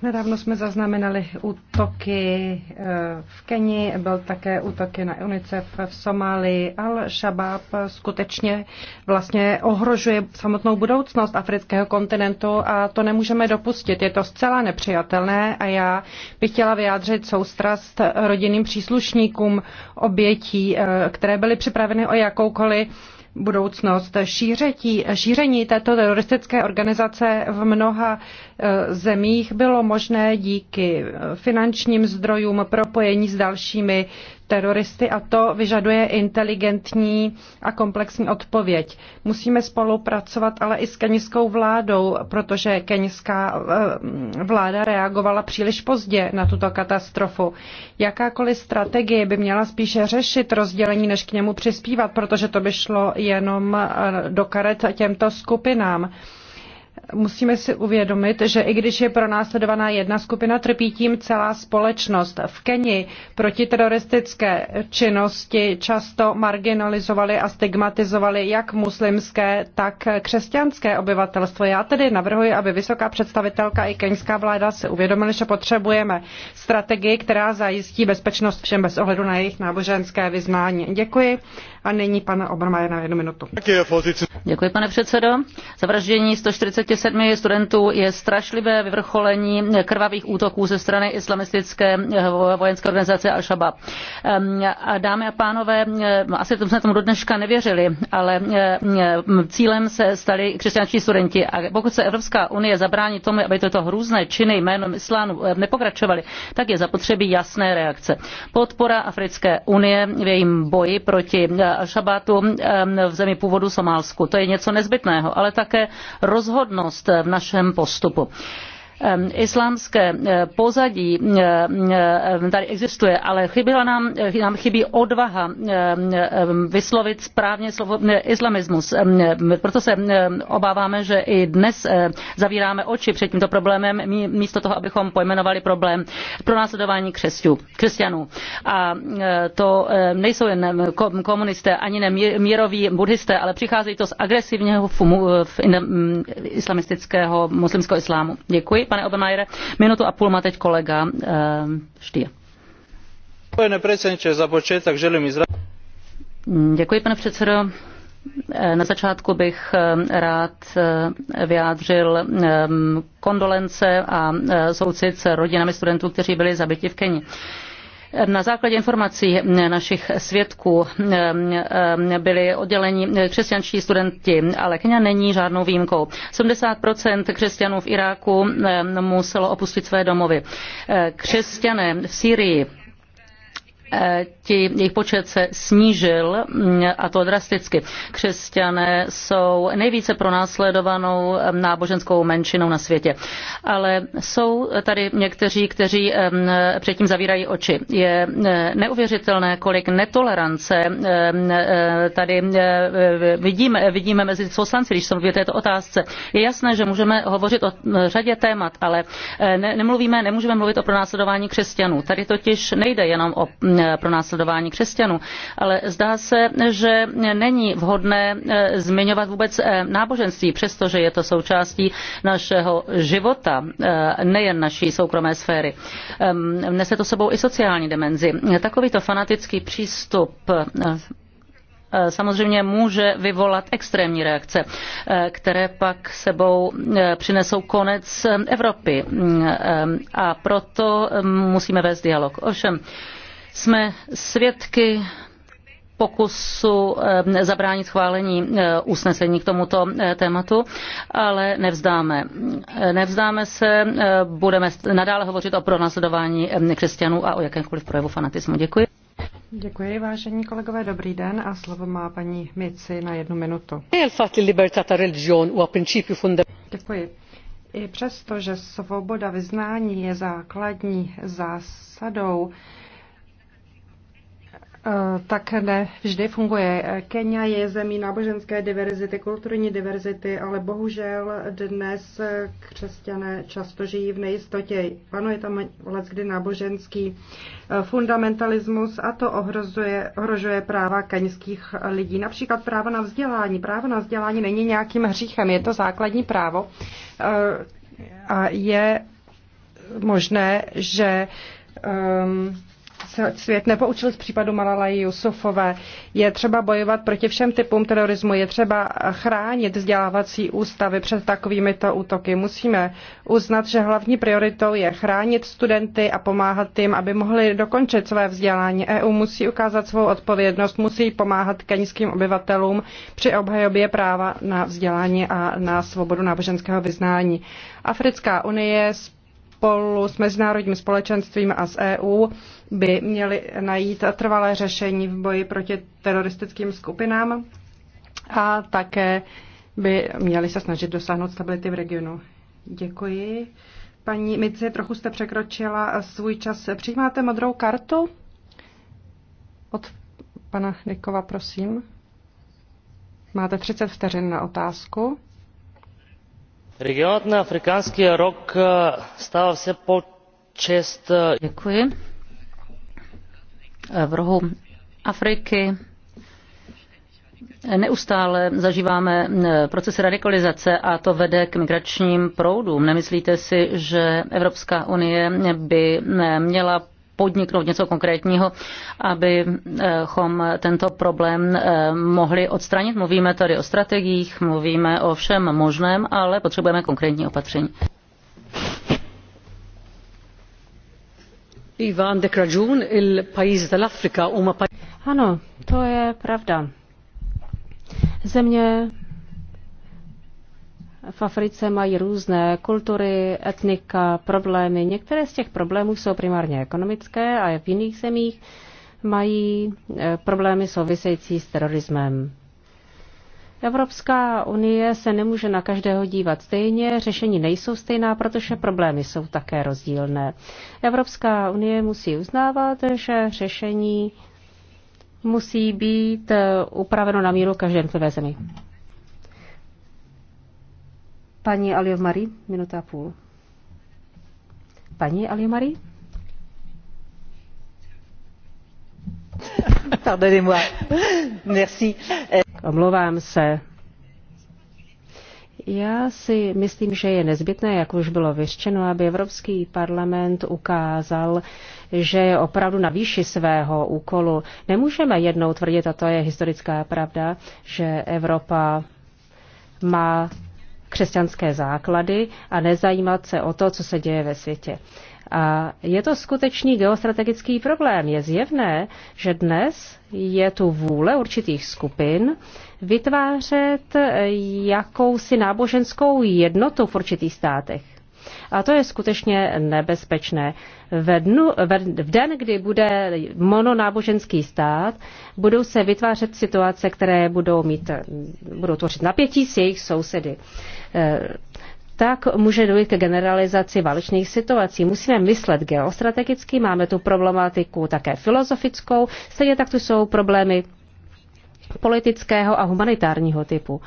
Nedávno jsme zaznamenali
útoky eh, v Keni, byl také útoky na UNICEF v Somálii. Al-Shabaab skutečně vlastně ohrožuje samotnou budoucnost afrického kontinentu a to nemůžeme dopustit. Je to zcela nepřijatelné a já bych chtěla vyjádřit soustrast rodinným příslušníkům obětí, eh, které byly připraveny o jakoukoliv budoucnost šířetí, šíření této teroristické organizace v mnoha e, zemích bylo možné díky finančním zdrojům, propojení s dalšími teroristy a to vyžaduje inteligentní a komplexní odpověď. Musíme spolupracovat ale i s kenijskou vládou, protože kenijská eh, vláda reagovala příliš pozdě na tuto katastrofu. Jakákoliv strategie by měla spíše řešit rozdělení, než k němu přispívat, protože to by šlo jenom eh, do karet těmto skupinám musíme si uvědomit, že i když je pronásledovaná jedna skupina, trpí tím celá společnost. V Keni protiteroristické činnosti často marginalizovali a stigmatizovali jak muslimské, tak křesťanské obyvatelstvo. Já tedy navrhuji, aby vysoká představitelka i keňská vláda si uvědomili, že potřebujeme strategii, která zajistí bezpečnost všem bez ohledu na jejich náboženské vyznání. Děkuji. A nyní pana Obermajer na jednu minutu.
Děkuji, pane předsedo. Zavraždění 147 studentů je strašlivé vyvrcholení krvavých útoků ze strany islamistické vojenské organizace Al-Shabaab. A dámy a pánové, asi jsme tomu do dneška nevěřili, ale cílem se stali křesťanští studenti. A pokud se Evropská unie zabrání tomu, aby tyto hrůzné činy jménem islámu nepokračovaly, tak je zapotřebí jasné reakce. Podpora Africké unie v jejím boji proti Al-Shabaatu v zemi původu Somálsku. To je něco nezbytného, ale také rozhodnost v našem postupu islámské pozadí tady existuje, ale chyběla nám, eh, nám chybí odvaha vyslovit správně slovo islamismus. Proto se obáváme, že i dnes eh, zavíráme oči před tímto problémem, místo toho, abychom pojmenovali problém pronásledování křesťanů. A eh, to nejsou jen komunisté, ani ne míroví buddhisté, ale přicházejí to z agresivního fumu, islamistického muslimského islámu. Děkuji pane Obermajere. Minutu a půl má teď kolega eh, Štýr.
Pane predsedniče, za počátek želím izra...
Děkuji, pane předsedo. Eh, na začátku bych eh, rád vyjádřil kondolence a soucit s rodinami studentů, kteří byli zabiti v Keni. Na základě informací našich svědků ehm, ehm, byli odděleni křesťanští studenti, ale Kenya není žádnou výjimkou. 70 křesťanů v Iráku ehm, muselo opustit své domovy. Křesťané v Sýrii Eh, ti, jejich počet se snížil mm, a to drasticky. Křesťané jsou nejvíce pronásledovanou eh, náboženskou menšinou na světě. Ale jsou tady někteří, kteří eh, předtím zavírají oči. Je neuvěřitelné, kolik netolerance tady vidíme, vidíme mezi poslanci, když jsou v této otázce. Je jasné, že můžeme hovořit o řadě témat, ale ne, nemluvíme, nemůžeme mluvit o pronásledování křesťanů. Tady totiž nejde jenom o mm, Eh, pro následování křesťanů. Ale zdá se, že není vhodné eh, zmiňovat vůbec eh, náboženství, přestože je to součástí našeho života, nejen naší soukromé sféry. Nese to sebou i sociální dimenzi. Takovýto fanatický přístup samozřejmě může vyvolat extrémní reakce, které pak sebou přinesou konec Evropy. Mm, a proto musíme vést dialog. Ovšem, jsme svědky pokusu eh, zabránit schválení eh, usnesení k tomuto eh, tématu, ale nevzdáme. Nevzdáme se, budeme nadále hovořit o pronásledování křesťanů a o jakémkoliv projevu fanatismu. Děkuji.
Děkuji, vážení kolegové, dobrý den a slovo má paní Mici na jednu minutu. Děkuji. I přesto, že svoboda vyznání je základní zásadou, Eh, tak ne vždy funguje. Kenia je zemí náboženské diverzity, kulturní diverzity, ale bohužel dnes křesťané často žijí v nejistotě. Panuje tam let, kdy náboženský eh, fundamentalismus a to ohrozuje, ohrožuje práva keňských lidí. Například právo na vzdělání. Právo na vzdělání není nějakým hříchem, je to základní právo. Eh, a je možné, že um, svět nepoučil z případu Malalaji Jusufové. Je třeba bojovat proti všem typům terorismu, je třeba chránit vzdělávací ústavy před takovými to útoky. Musíme uznat, že hlavní prioritou je chránit studenty a pomáhat jim, aby mohli dokončit své vzdělání. EU musí ukázat svou odpovědnost, musí pomáhat keňským obyvatelům při obhajobě práva na vzdělání a na svobodu náboženského vyznání. Africká unie spolu s mezinárodním společenstvím a s EU by měly najít trvalé řešení v boji proti teroristickým skupinám a také by měly se snažit dosáhnout stability v regionu. Děkuji. Paní Mici, trochu jste překročila svůj čas. Přijímáte modrou kartu? Od pana Nikova, prosím. Máte 30 vteřin na otázku.
Regionální na afrikánský
rok eh, stává se po čest... Eh, Děkuji v rohu Afriky. Neustále zažíváme eh, procesy radikalizace a to vede k migračním proudům. Nemyslíte si, že Evropská unie by eh, měla podniknout něco konkrétního, abychom tento problém eh, mohli odstranit. Mluvíme tady o strategiích, mluvíme o všem možném, ale potřebujeme konkrétní opatření.
Ano, to je pravda. Země v Africe mají různé kultury, etnika, problémy. Některé z těch problémů jsou primárně ekonomické a v jiných zemích mají eh, problémy související s terorismem. Evropská unie se nemůže na každého dívat stejně, řešení nejsou stejná, protože problémy jsou také rozdílné. Evropská unie musí uznávat, že řešení musí být eh, upraveno na míru každé jednotlivé zemi. Paní Aliomari, minuta a půl. Paní Aliomari? Omlouvám se. Já si myslím, že je nezbytné, jak už bylo vyřčeno, aby Evropský parlament ukázal, že je opravdu na výši svého úkolu. Nemůžeme jednou tvrdit, a to je historická pravda, že Evropa má křesťanské základy a nezajímat se o to, co se děje ve světě. A je to skutečný geostrategický problém. Je zjevné, že dnes je tu vůle určitých skupin vytvářet eh, jakousi náboženskou jednotu v určitých státech. A to je skutečně nebezpečné. Ve dnu, ve, v den, kdy bude mononáboženský stát, budou se vytvářet situace, které budou, mít, budou tvořit napětí s jejich sousedy. Eh, tak může dojít ke generalizaci válečných situací. Musíme myslet geostrategicky, máme tu problematiku také filozofickou, stejně tak tu jsou problémy politického a humanitárního typu.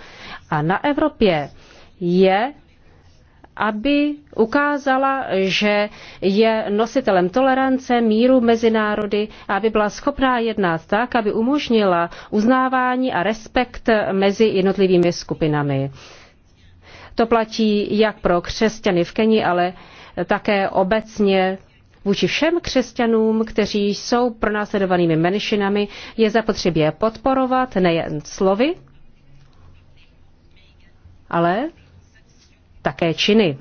A na Evropě je aby ukázala, že je nositelem tolerance, míru mezi národy a aby byla schopná jednat tak, aby umožnila uznávání a respekt mezi jednotlivými skupinami. To platí jak pro křesťany v Keni, ale také obecně vůči všem křesťanům, kteří jsou pronásledovanými menšinami, je zapotřebí podporovat nejen slovy, ale také činy.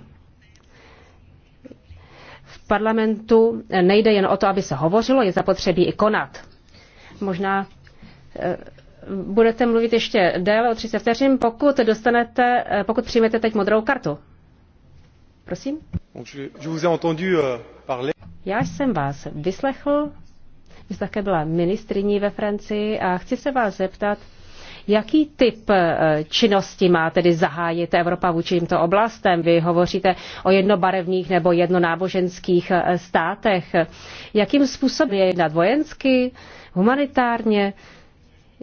V parlamentu nejde jen o to, aby se hovořilo, je zapotřebí i konat. Možná eh, budete mluvit ještě déle o 30 vteřin, pokud dostanete, eh, pokud přijmete teď modrou kartu. Prosím.
Euh,
Já jsem vás vyslechl, vy jste také byla ministriní ve Francii a chci se vás zeptat, Jaký typ eh, činnosti má tedy zahájit Evropa vůči těmto oblastem? Vy hovoříte o jednobarevných nebo jednonáboženských eh, státech. Jakým způsobem je jednat vojensky, humanitárně?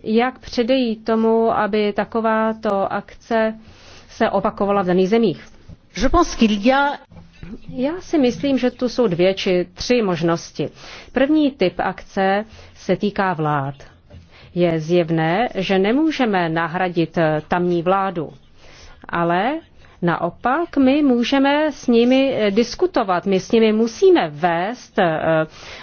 jak předejít tomu, aby takováto akce se opakovala v daných zemích. Já si myslím, že tu jsou dvě či tři možnosti. První typ akce se týká vlád. Je zjevné, že nemůžeme nahradit tamní vládu, ale Naopak, my můžeme s nimi eh, diskutovat, my s nimi musíme vést eh,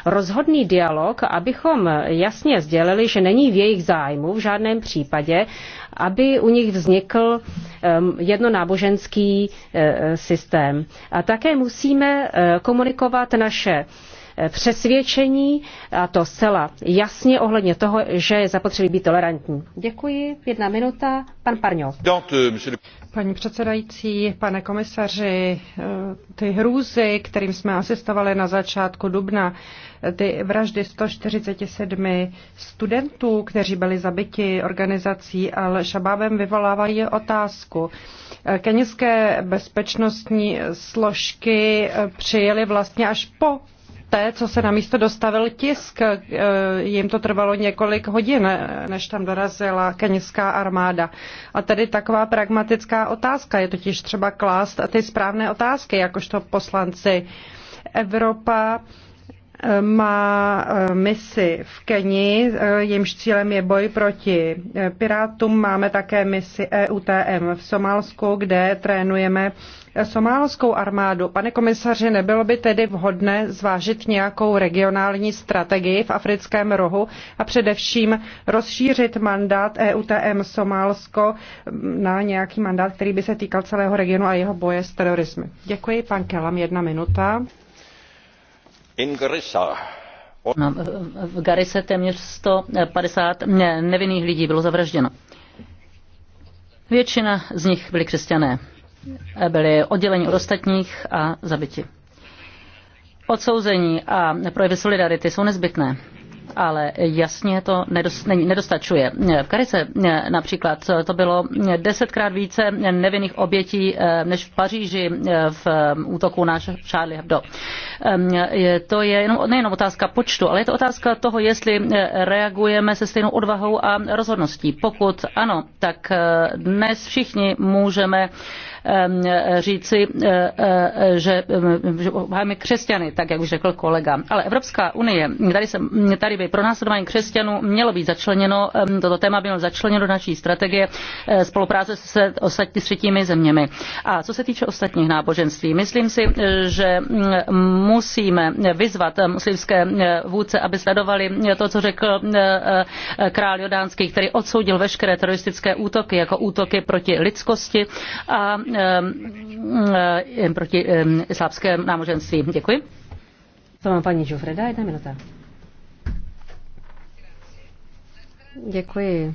rozhodný dialog, abychom eh, jasně sdělili, že není v jejich zájmu v žádném případě, aby u nich vznikl ehm, jednonáboženský systém. A také musíme komunikovat naše Eh, přesvědčení, a to zcela jasně ohledně toho, že je zapotřebí být tolerantní. Děkuji. Jedna minuta. Pan Parňo. Paní předsedající, pane komisaři, eh,
ty hrůzy, kterým jsme asistovali na začátku dubna, eh, ty vraždy 147 studentů, kteří byli zabiti organizací Al-Shabaabem, vyvolávají otázku. Keněské bezpečnostní složky přijeli vlastně až po poté, co se na místo dostavil tisk, eh, jim to trvalo několik hodin, než tam dorazila keňská armáda. A tedy taková pragmatická otázka je totiž třeba klást ty správné otázky, jakožto poslanci Evropa má eh, misi v Keni, eh, jejímž cílem je boj proti eh, pirátům. Máme také misi EUTM v Somálsku, kde trénujeme somálskou armádu. Pane komisaři, nebylo by tedy vhodné zvážit nějakou regionální strategii v africkém rohu a především rozšířit mandát EUTM Somálsko mm, na nějaký mandát, který by se týkal celého regionu a jeho boje s terorismy. Děkuji, pan Kelam,
jedna minuta. Eh, v Garise téměř 150 eh, nevinných lidí bylo zavražděno. Většina z nich byli křesťané. Byli odděleni od ostatních a zabiti. Odsouzení a projevy solidarity jsou nezbytné ale jasně to nedostačuje. V Karice eh, například to bylo desetkrát více nevinných obětí eh, než v Paříži eh, v útoku na Charlie Hebdo. Ehm, to je jenom, nejenom otázka počtu, ale je to otázka toho, jestli reagujeme se stejnou odvahou a rozhodností. Pokud ano, tak dnes všichni můžeme Ehm, říci, eh, eh, že, ehm, že obhájíme křesťany, tak jak už řekl kolega. Ale Evropská unie, tady, se, tady by pro následování křesťanů mělo být začleněno, ehm, toto téma bylo začleněno do naší strategie eh, spolupráce se ostatní s třetími zeměmi. A co se týče ostatních náboženství, myslím si, že mm, musíme vyzvat muslimské vůdce, aby sledovali to, co řekl král Jordánský, který odsoudil veškeré teroristické útoky jako útoky proti lidskosti a Eh, eh, proti islámském eh, námoženství. Děkuji. To má paní Žufreda, jedna minuta.
Děkuji.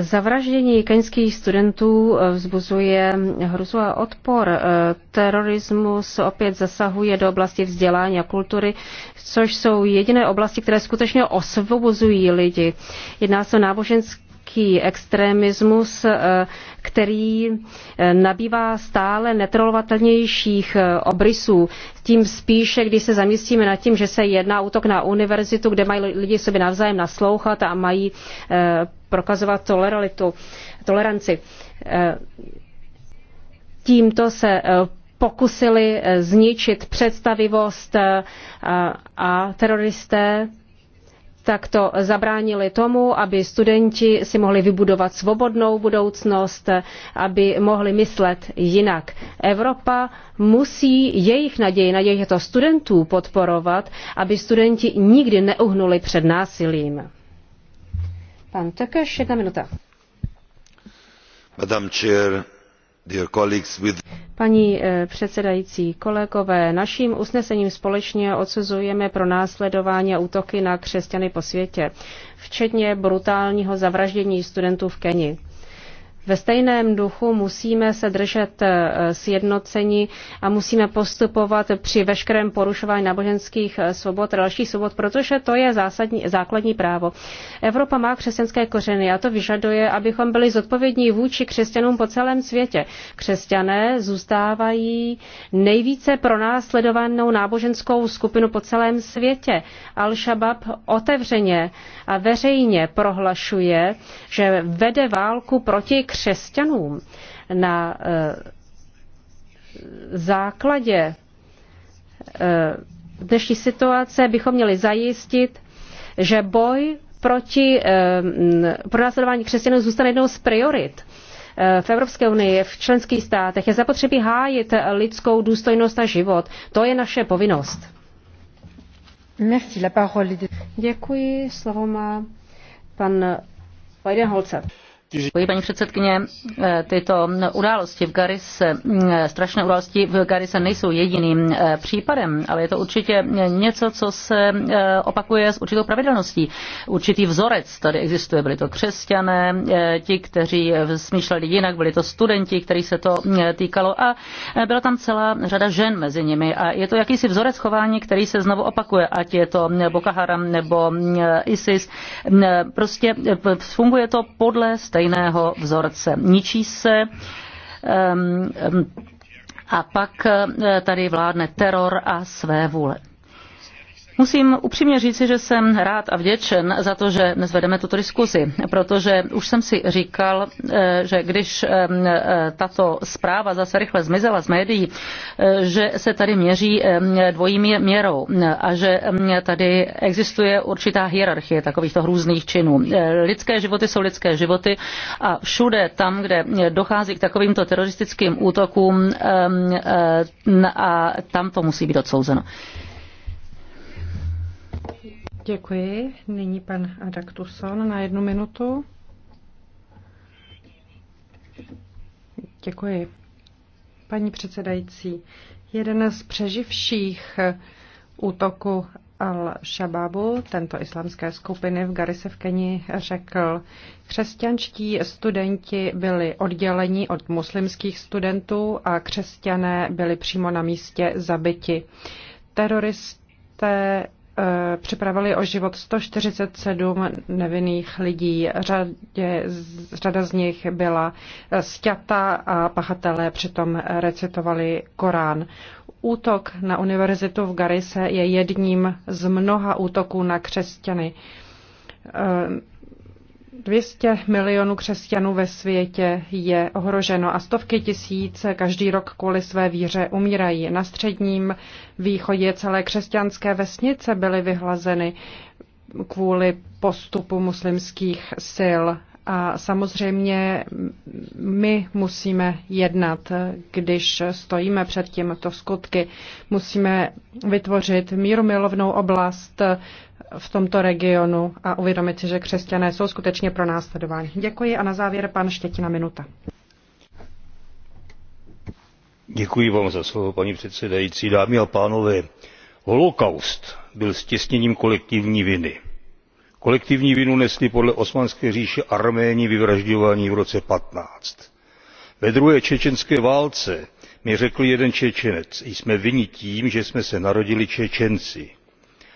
Zavraždění keňských studentů vzbuzuje hruzu a odpor. Terorismus opět zasahuje do oblasti vzdělání a kultury, což jsou jediné oblasti, které skutečně osvobozují lidi. Jedná se o náboženské islámský extremismus, eh, který eh, nabývá stále netrolovatelnějších eh, obrysů. Tím spíše, když se zamyslíme nad tím, že se jedná útok na univerzitu, kde mají lidi sobě navzájem naslouchat a mají prokazovat toleralitu, toleranci. Tímto se pokusili zničit představivost a, teroristé takto zabránili tomu, aby studenti si mohli vybudovat svobodnou budoucnost, aby mohli myslet jinak. Evropa musí jejich naději, naději těchto studentů podporovat, aby studenti nikdy neuhnuli před násilím. Pan Tökeš, jedna minuta.
Madam Chair, dear colleagues with...
Paní eh, předsedající, kolegové, naším usnesením společně odsuzujeme pro následování a útoky na křesťany po světě, včetně brutálního zavraždění studentů v Keni. Ve stejném duchu musíme se držet eh, sjednocení a musíme postupovat při veškerém porušování náboženských eh, svobod a dalších svobod, protože to je zásadní, základní právo. Evropa má křesťanské kořeny a to vyžaduje, abychom byli zodpovědní vůči křesťanům po celém světě. Křesťané zůstávají nejvíce pronásledovanou náboženskou skupinu po celém světě. Al-Shabaab otevřeně a veřejně prohlašuje, že vede válku proti křesťanům křesťanům na eh, základě eh, dnešní situace bychom měli zajistit, že boj proti eh, pronásledování křesťanů zůstane jednou z priorit v Evropské unii, v členských státech je zapotřebí hájit lidskou důstojnost a život. To je naše povinnost. Děkuji, slovo má pan Weidenholzer
paní předsedkyně. Eh, tyto události v Garise, eh, strašné události v Garise nejsou jediným eh, případem, ale je to určitě něco, co se opakuje s určitou pravidelností. Určitý vzorec tady existuje. Byli to křesťané, ti, kteří smýšleli jinak, byli to studenti, kteří se to týkalo a byla tam celá řada žen mezi nimi. A je to jakýsi vzorec chování, který se znovu opakuje, ať je to Boko Haram nebo ISIS. Prostě funguje to podle stejného vzorce. Ničí se ehm, ehm, a pak eh, tady vládne teror a své vůle. Musím upřímně říci, že jsem rád a vděčen za to, že dnes vedeme tuto diskusi, protože už jsem si říkal, eh, že když eh, eh, tato zpráva zase rychle zmizela z médií, že se tady měří dvojím měrou a že tady existuje určitá hierarchie takovýchto hrůzných činů. Lidské životy jsou lidské životy a všude tam, kde dochází k takovýmto teroristickým útokům, a tam to musí být odsouzeno.
Děkuji. Nyní pan Adaktuson na jednu minutu. Děkuji. Paní předsedající, jeden z přeživších útoku Al-Shababu, tento islamské skupiny v Garise v Keni, řekl, křesťanští studenti byli odděleni od muslimských studentů a křesťané byli přímo na místě zabiti. Teroristé Eh, připravili o život 147 nevinných lidí. Řadě, řada z nich byla sťata a pachatelé přitom recitovali Korán. Útok na univerzitu v Garise je jedním z mnoha útoků na křesťany eh, 200 milionů křesťanů ve světě je ohroženo a stovky tisíc každý rok kvůli své víře umírají. Na středním východě celé křesťanské vesnice byly vyhlazeny kvůli postupu muslimských sil. A samozřejmě my musíme jednat, když stojíme před tímto skutky. Musíme vytvořit mírumilovnou oblast, v tomto regionu a uvědomit si, že křesťané jsou skutečně pro následování. Děkuji a na závěr pan Štětina Minuta.
Děkuji vám za slovo, paní předsedající. Dámy a pánové, holokaust byl stěsněním kolektivní viny. Kolektivní vinu nesli podle osmanské říše Arméni vyvražďování v roce 15. Ve druhé čečenské válce mi řekl jeden Čečenec, jsme vyni tím, že jsme se narodili Čečenci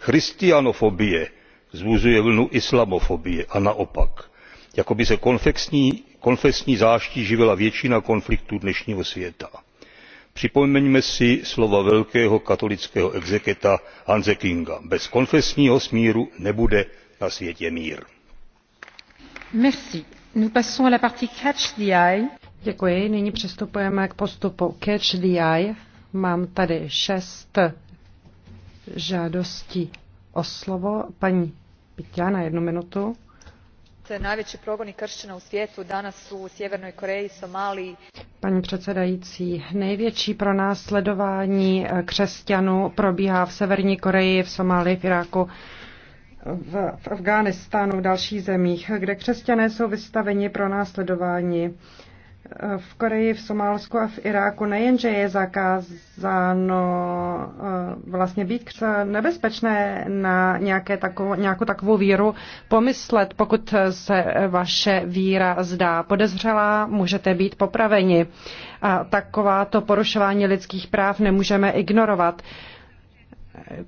christianofobie vzbuzuje vlnu islamofobie a naopak jako by se konfesní záští živila většina konfliktů dnešního světa. připomeňme si slova velkého katolického exegeta hanse kinga bez konfesního smíru nebude na světě mír.
Nyní přistupujeme k postupu Catch the Eye. Mám tady šest žádosti o slovo. Paní Pitiana, na jednu minutu.
Největší progony kršćana u svijetu danas su u Sjevernoj Koreji, Somálii.
Paní předsedající, největší pro nás sledování eh, křesťanů probíhá v Severní Koreji, v Somálii, v Iráku v, v Afghánistánu, v dalších zemích, kde křesťané jsou vystaveni pro následování v Koreji, v Somálsku a v Iráku nejenže je zakázáno eh, vlastně být nebezpečné na nějaké takovou, nějakou takovou víru pomyslet, pokud se vaše víra zdá podezřelá, můžete být popraveni. A takováto porušování lidských práv nemůžeme ignorovat.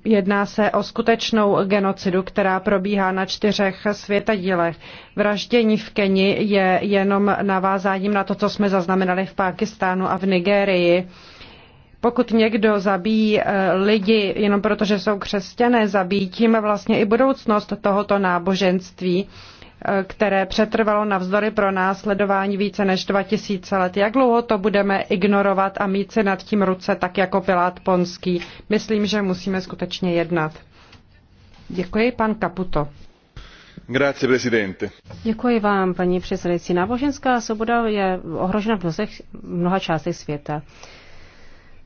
Jedná se o skutečnou genocidu, která probíhá na čtyřech světadílech. Vraždění v Keni je jenom navázáním na to, co jsme zaznamenali v Pákistánu a v Nigérii. Pokud někdo zabíjí eh, lidi jenom proto, že jsou křesťané, zabíjí tím vlastně i budoucnost tohoto náboženství které přetrvalo navzdory pro následování více než 2000 let. Jak dlouho to budeme ignorovat a mít si nad tím ruce, tak jako Pilát Ponský? Myslím, že musíme skutečně jednat.
Děkuji, pan Kaputo.
Grazie, presidente.
Děkuji vám, paní předsedající. Náboženská svoboda je ohrožena v, v mnoha částech světa.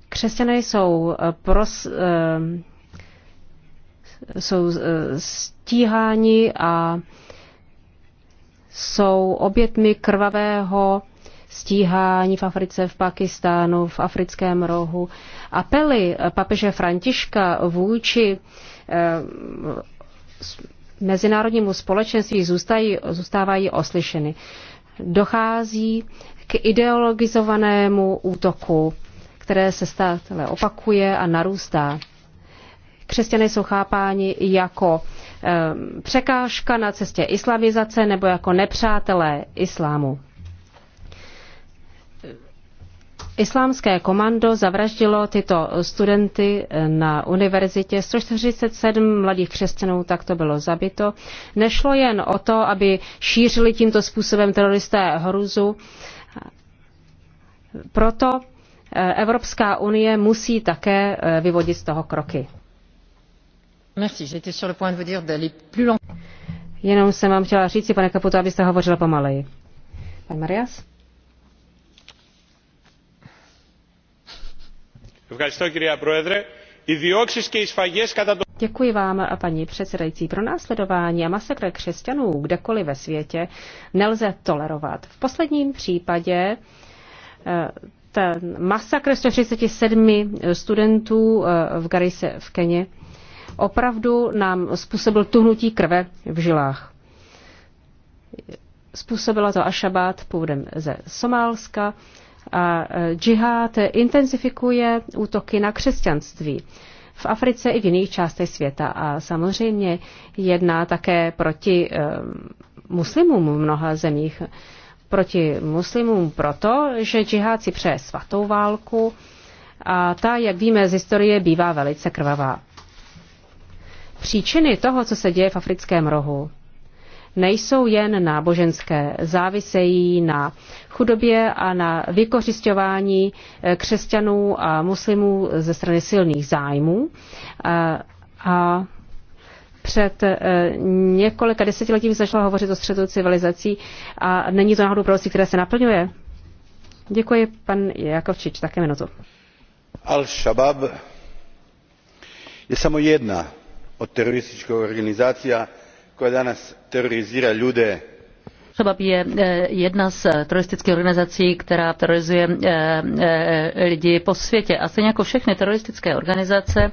Křesťané jsou eh, pros, eh, jsou eh, stíháni a jsou obětmi krvavého stíhání v Africe, v Pakistánu, v africkém rohu. Apely papeže Františka vůči eh, mezinárodnímu společenství zůstají, zůstávají oslyšeny. Dochází k ideologizovanému útoku, které se stále opakuje a narůstá. Křesťané jsou chápáni jako ehm, překážka na cestě islamizace nebo jako nepřátelé islámu. Islámské komando zavraždilo tyto studenty eh, na univerzitě. 147 mladých křesťanů takto bylo zabito. Nešlo jen o to, aby šířili tímto způsobem teroristé hruzu. Proto eh, Evropská unie musí také eh, vyvodit z toho kroky. Jenom jsem vám chtěla říct, pane Kaputo, abyste hovořila pomaleji. Pan Marias? Děkuji vám, paní předsedající. Pro následování a masakr křesťanů kdekoliv ve světě nelze tolerovat. V posledním případě eh, ten masakr 137 studentů eh, v Garise v Keni opravdu nám způsobil tuhnutí krve v žilách. Způsobila to Ašabát původem ze Somálska a e, džihad intenzifikuje útoky na křesťanství v Africe i v jiných částech světa a samozřejmě jedná také proti e, muslimům v mnoha zemích. Proti muslimům proto, že džihad si přeje svatou válku a ta, jak víme z historie, bývá velice krvavá. Příčiny toho, co se děje v africkém rohu, nejsou jen náboženské, závisejí na chudobě a na vykořišťování eh, křesťanů a muslimů ze strany silných zájmů. A, eh, a před eh, několika desetiletím začala hovořit o střetu civilizací a není to náhodou prostě, které se naplňuje? Děkuji, pan Jakovčič, také minutu.
Al-Shabaab je samo jedna od terorističkih organizacija koja danas terorizira ljude
Šabab je eh, jedna z teroristických organizací, která terorizuje eh, eh, lidi po světě. A stejně jako všechny teroristické organizace,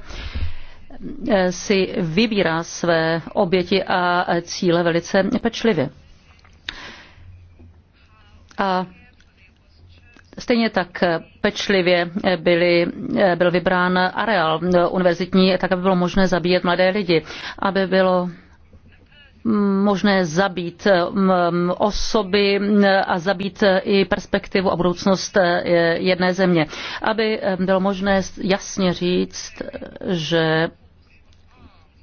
si vybírá své oběti a cíle velice pečlivě. A Stejně tak pečlivě byly, byl vybrán areál univerzitní, tak aby bylo možné zabíjet mladé lidi, aby bylo možné zabít mm, mm, osoby a zabít i perspektivu a budoucnost eh, jedné země. Aby bylo možné jasně říct, že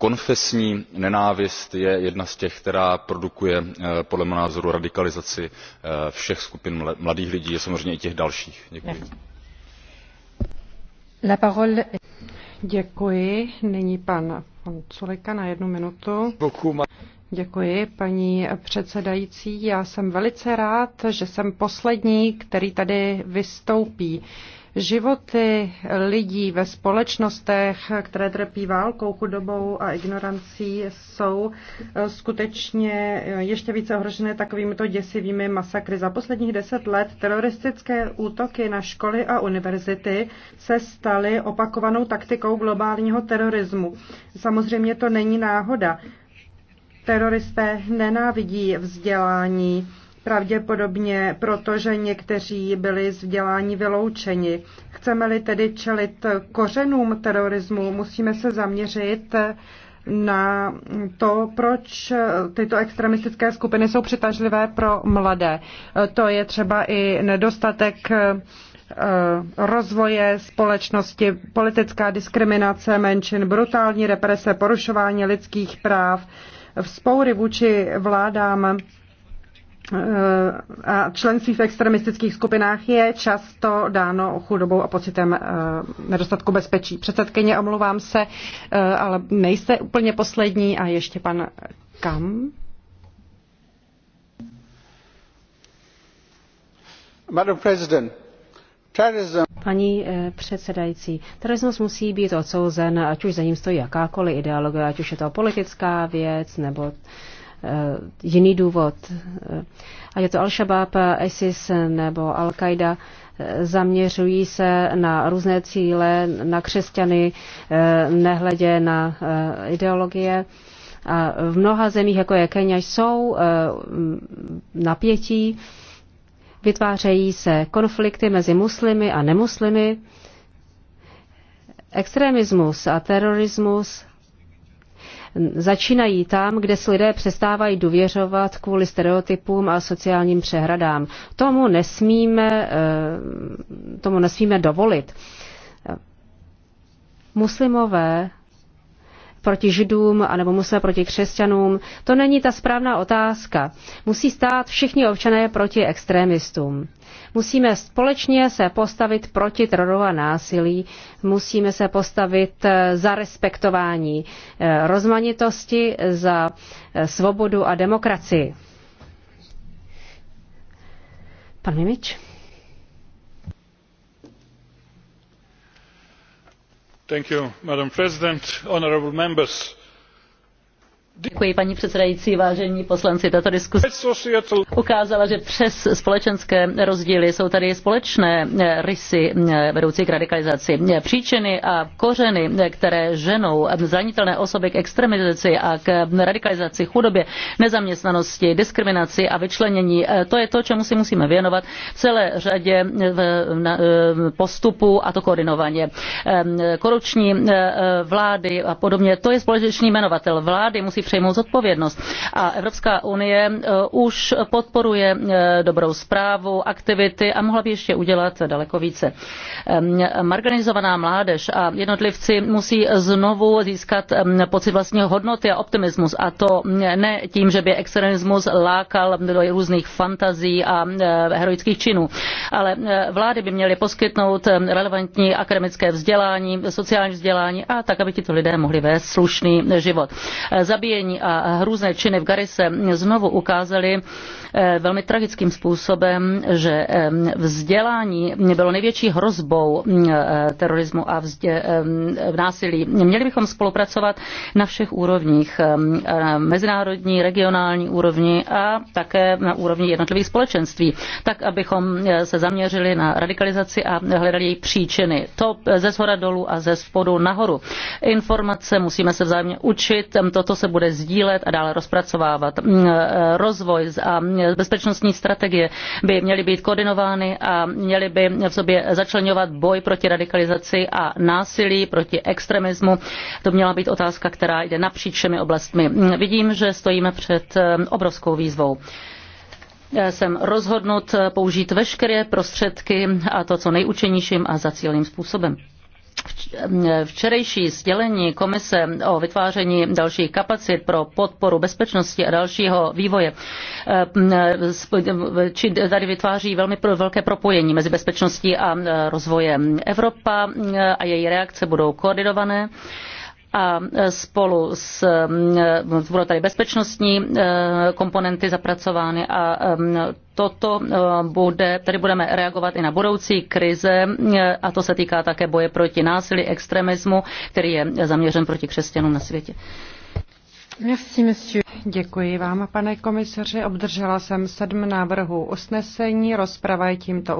konfesní nenávist je jedna z těch která produkuje eh, podle mého názoru radikalizaci eh, všech skupin mladých lidí a samozřejmě i těch dalších. Děkuji.
paní předsedající. Já jsem velice rád, že jsem poslední, který tady vystoupí. Životy lidí ve společnostech, které trpí válkou, chudobou a ignorancí, jsou eh, skutečně eh, ještě více ohrožené takovýmito děsivými masakry. Za posledních deset let teroristické útoky na školy a univerzity se staly opakovanou taktikou globálního terorismu. Samozřejmě to není náhoda. Teroristé nenávidí vzdělání pravděpodobně proto, že někteří byli z vzdělání vyloučeni. Chceme-li tedy čelit kořenům terorismu, musíme se zaměřit na to, proč tyto extremistické skupiny jsou přitažlivé pro mladé. To je třeba i nedostatek eh, rozvoje společnosti, politická diskriminace menšin, brutální represe, porušování lidských práv, vzpoury vůči vládám Eh, a členství v extremistických skupinách je často dáno chudobou a pocitem eh, nedostatku bezpečí. Předsedkyně, omlouvám se, eh, ale nejste úplně poslední a ještě pan Kam.
Madam President,
Paní předsedající, terorismus musí být odsouzen, ať už za ním stojí jakákoliv ideologie, ať už je to politická věc nebo Eh, jiný důvod. Eh, a je to Al-Shabaab, ISIS nebo Al-Qaida, eh, zaměřují se na různé cíle, na křesťany, nehledě na ideologie. A v mnoha zemích, jako je Kenia, jsou napětí, vytvářejí se konflikty mezi muslimy a nemuslimy. Extremismus a terorismus Začínají tam, kde si lidé přestávají důvěřovat kvůli stereotypům a sociálním přehradám. Tomu nesmíme, eh, tomu nesmíme dovolit. Muslimové proti židům anebo musíme proti křesťanům. To není ta správná otázka. Musí stát všichni občané proti extremistům. Musíme společně se postavit proti teroru a násilí, musíme se postavit eh, za respektování eh, rozmanitosti, za eh, svobodu a demokracii.
Pan Mimič. Thank you, Madam President, honorable members.
Děkuji, paní předsedající, vážení poslanci. Tato diskuse ukázala, že přes společenské rozdíly jsou tady společné eh, rysy eh, vedoucí k radikalizaci. Příčiny a kořeny, eh, které ženou zranitelné osoby k extremizaci a k radikalizaci chudobě, nezaměstnanosti, diskriminaci a vyčlenění, to je to, čemu si musíme věnovat v celé řadě postupů a to koordinovaně. Ehm, korupční vlády a podobně, to je společný jmenovatel. Vlády musí přejmout zodpovědnost. A Evropská unie eh, už podporuje eh, dobrou zprávu, aktivity a mohla by ještě udělat daleko více. Ehm, marginalizovaná mládež a jednotlivci musí znovu získat ehm, pocit vlastního hodnoty a optimismus a to ne tím, že by extremismus lákal do různých fantazí a eh, heroických činů, ale vlády by měly poskytnout ehm, relevantní akademické vzdělání, sociální vzdělání a tak, aby tito lidé mohli vést slušný život. Zabíjení mučení a hrůzné činy v Garise znovu ukázaly eh, velmi tragickým způsobem, že eh, vzdělání bylo největší hrozbou eh, terorismu a vzdě, násilí. Měli bychom spolupracovat na všech úrovních, na mezinárodní, regionální úrovni a také na úrovni jednotlivých společenství, tak abychom se zaměřili na radikalizaci a hledali její příčiny. To ze shora dolů a ze spodu nahoru. Informace musíme se vzájemně učit, toto se bude bude sdílet a dále rozpracovávat. Mm, eh, rozvoj a bezpečnostní strategie by měly být koordinovány a měly by v sobě začlenovat boj proti radikalizaci a násilí, proti extremismu. To měla být otázka, která jde napříč všemi oblastmi. Mm, vidím, že stojíme před eh, obrovskou výzvou jsem rozhodnut použít veškeré prostředky a to co nejúčinnějším a zacíleným způsobem včerejší sdělení komise o vytváření dalších kapacit pro podporu bezpečnosti a dalšího vývoje eh, či tady vytváří velmi velké propojení mezi bezpečností a eh, rozvojem. Evropa eh, a její reakce budou koordinované a spolu s, budou tady bezpečnostní komponenty zapracovány a toto eh, bude, tady budeme reagovat i na budoucí krize eh, a to se týká také boje proti násilí, extremismu, který je zaměřen proti křesťanům na světě.
Merci, monsieur. Děkuji vám, pane komisaři. Obdržela jsem sedm návrhů usnesení. Rozprava je tímto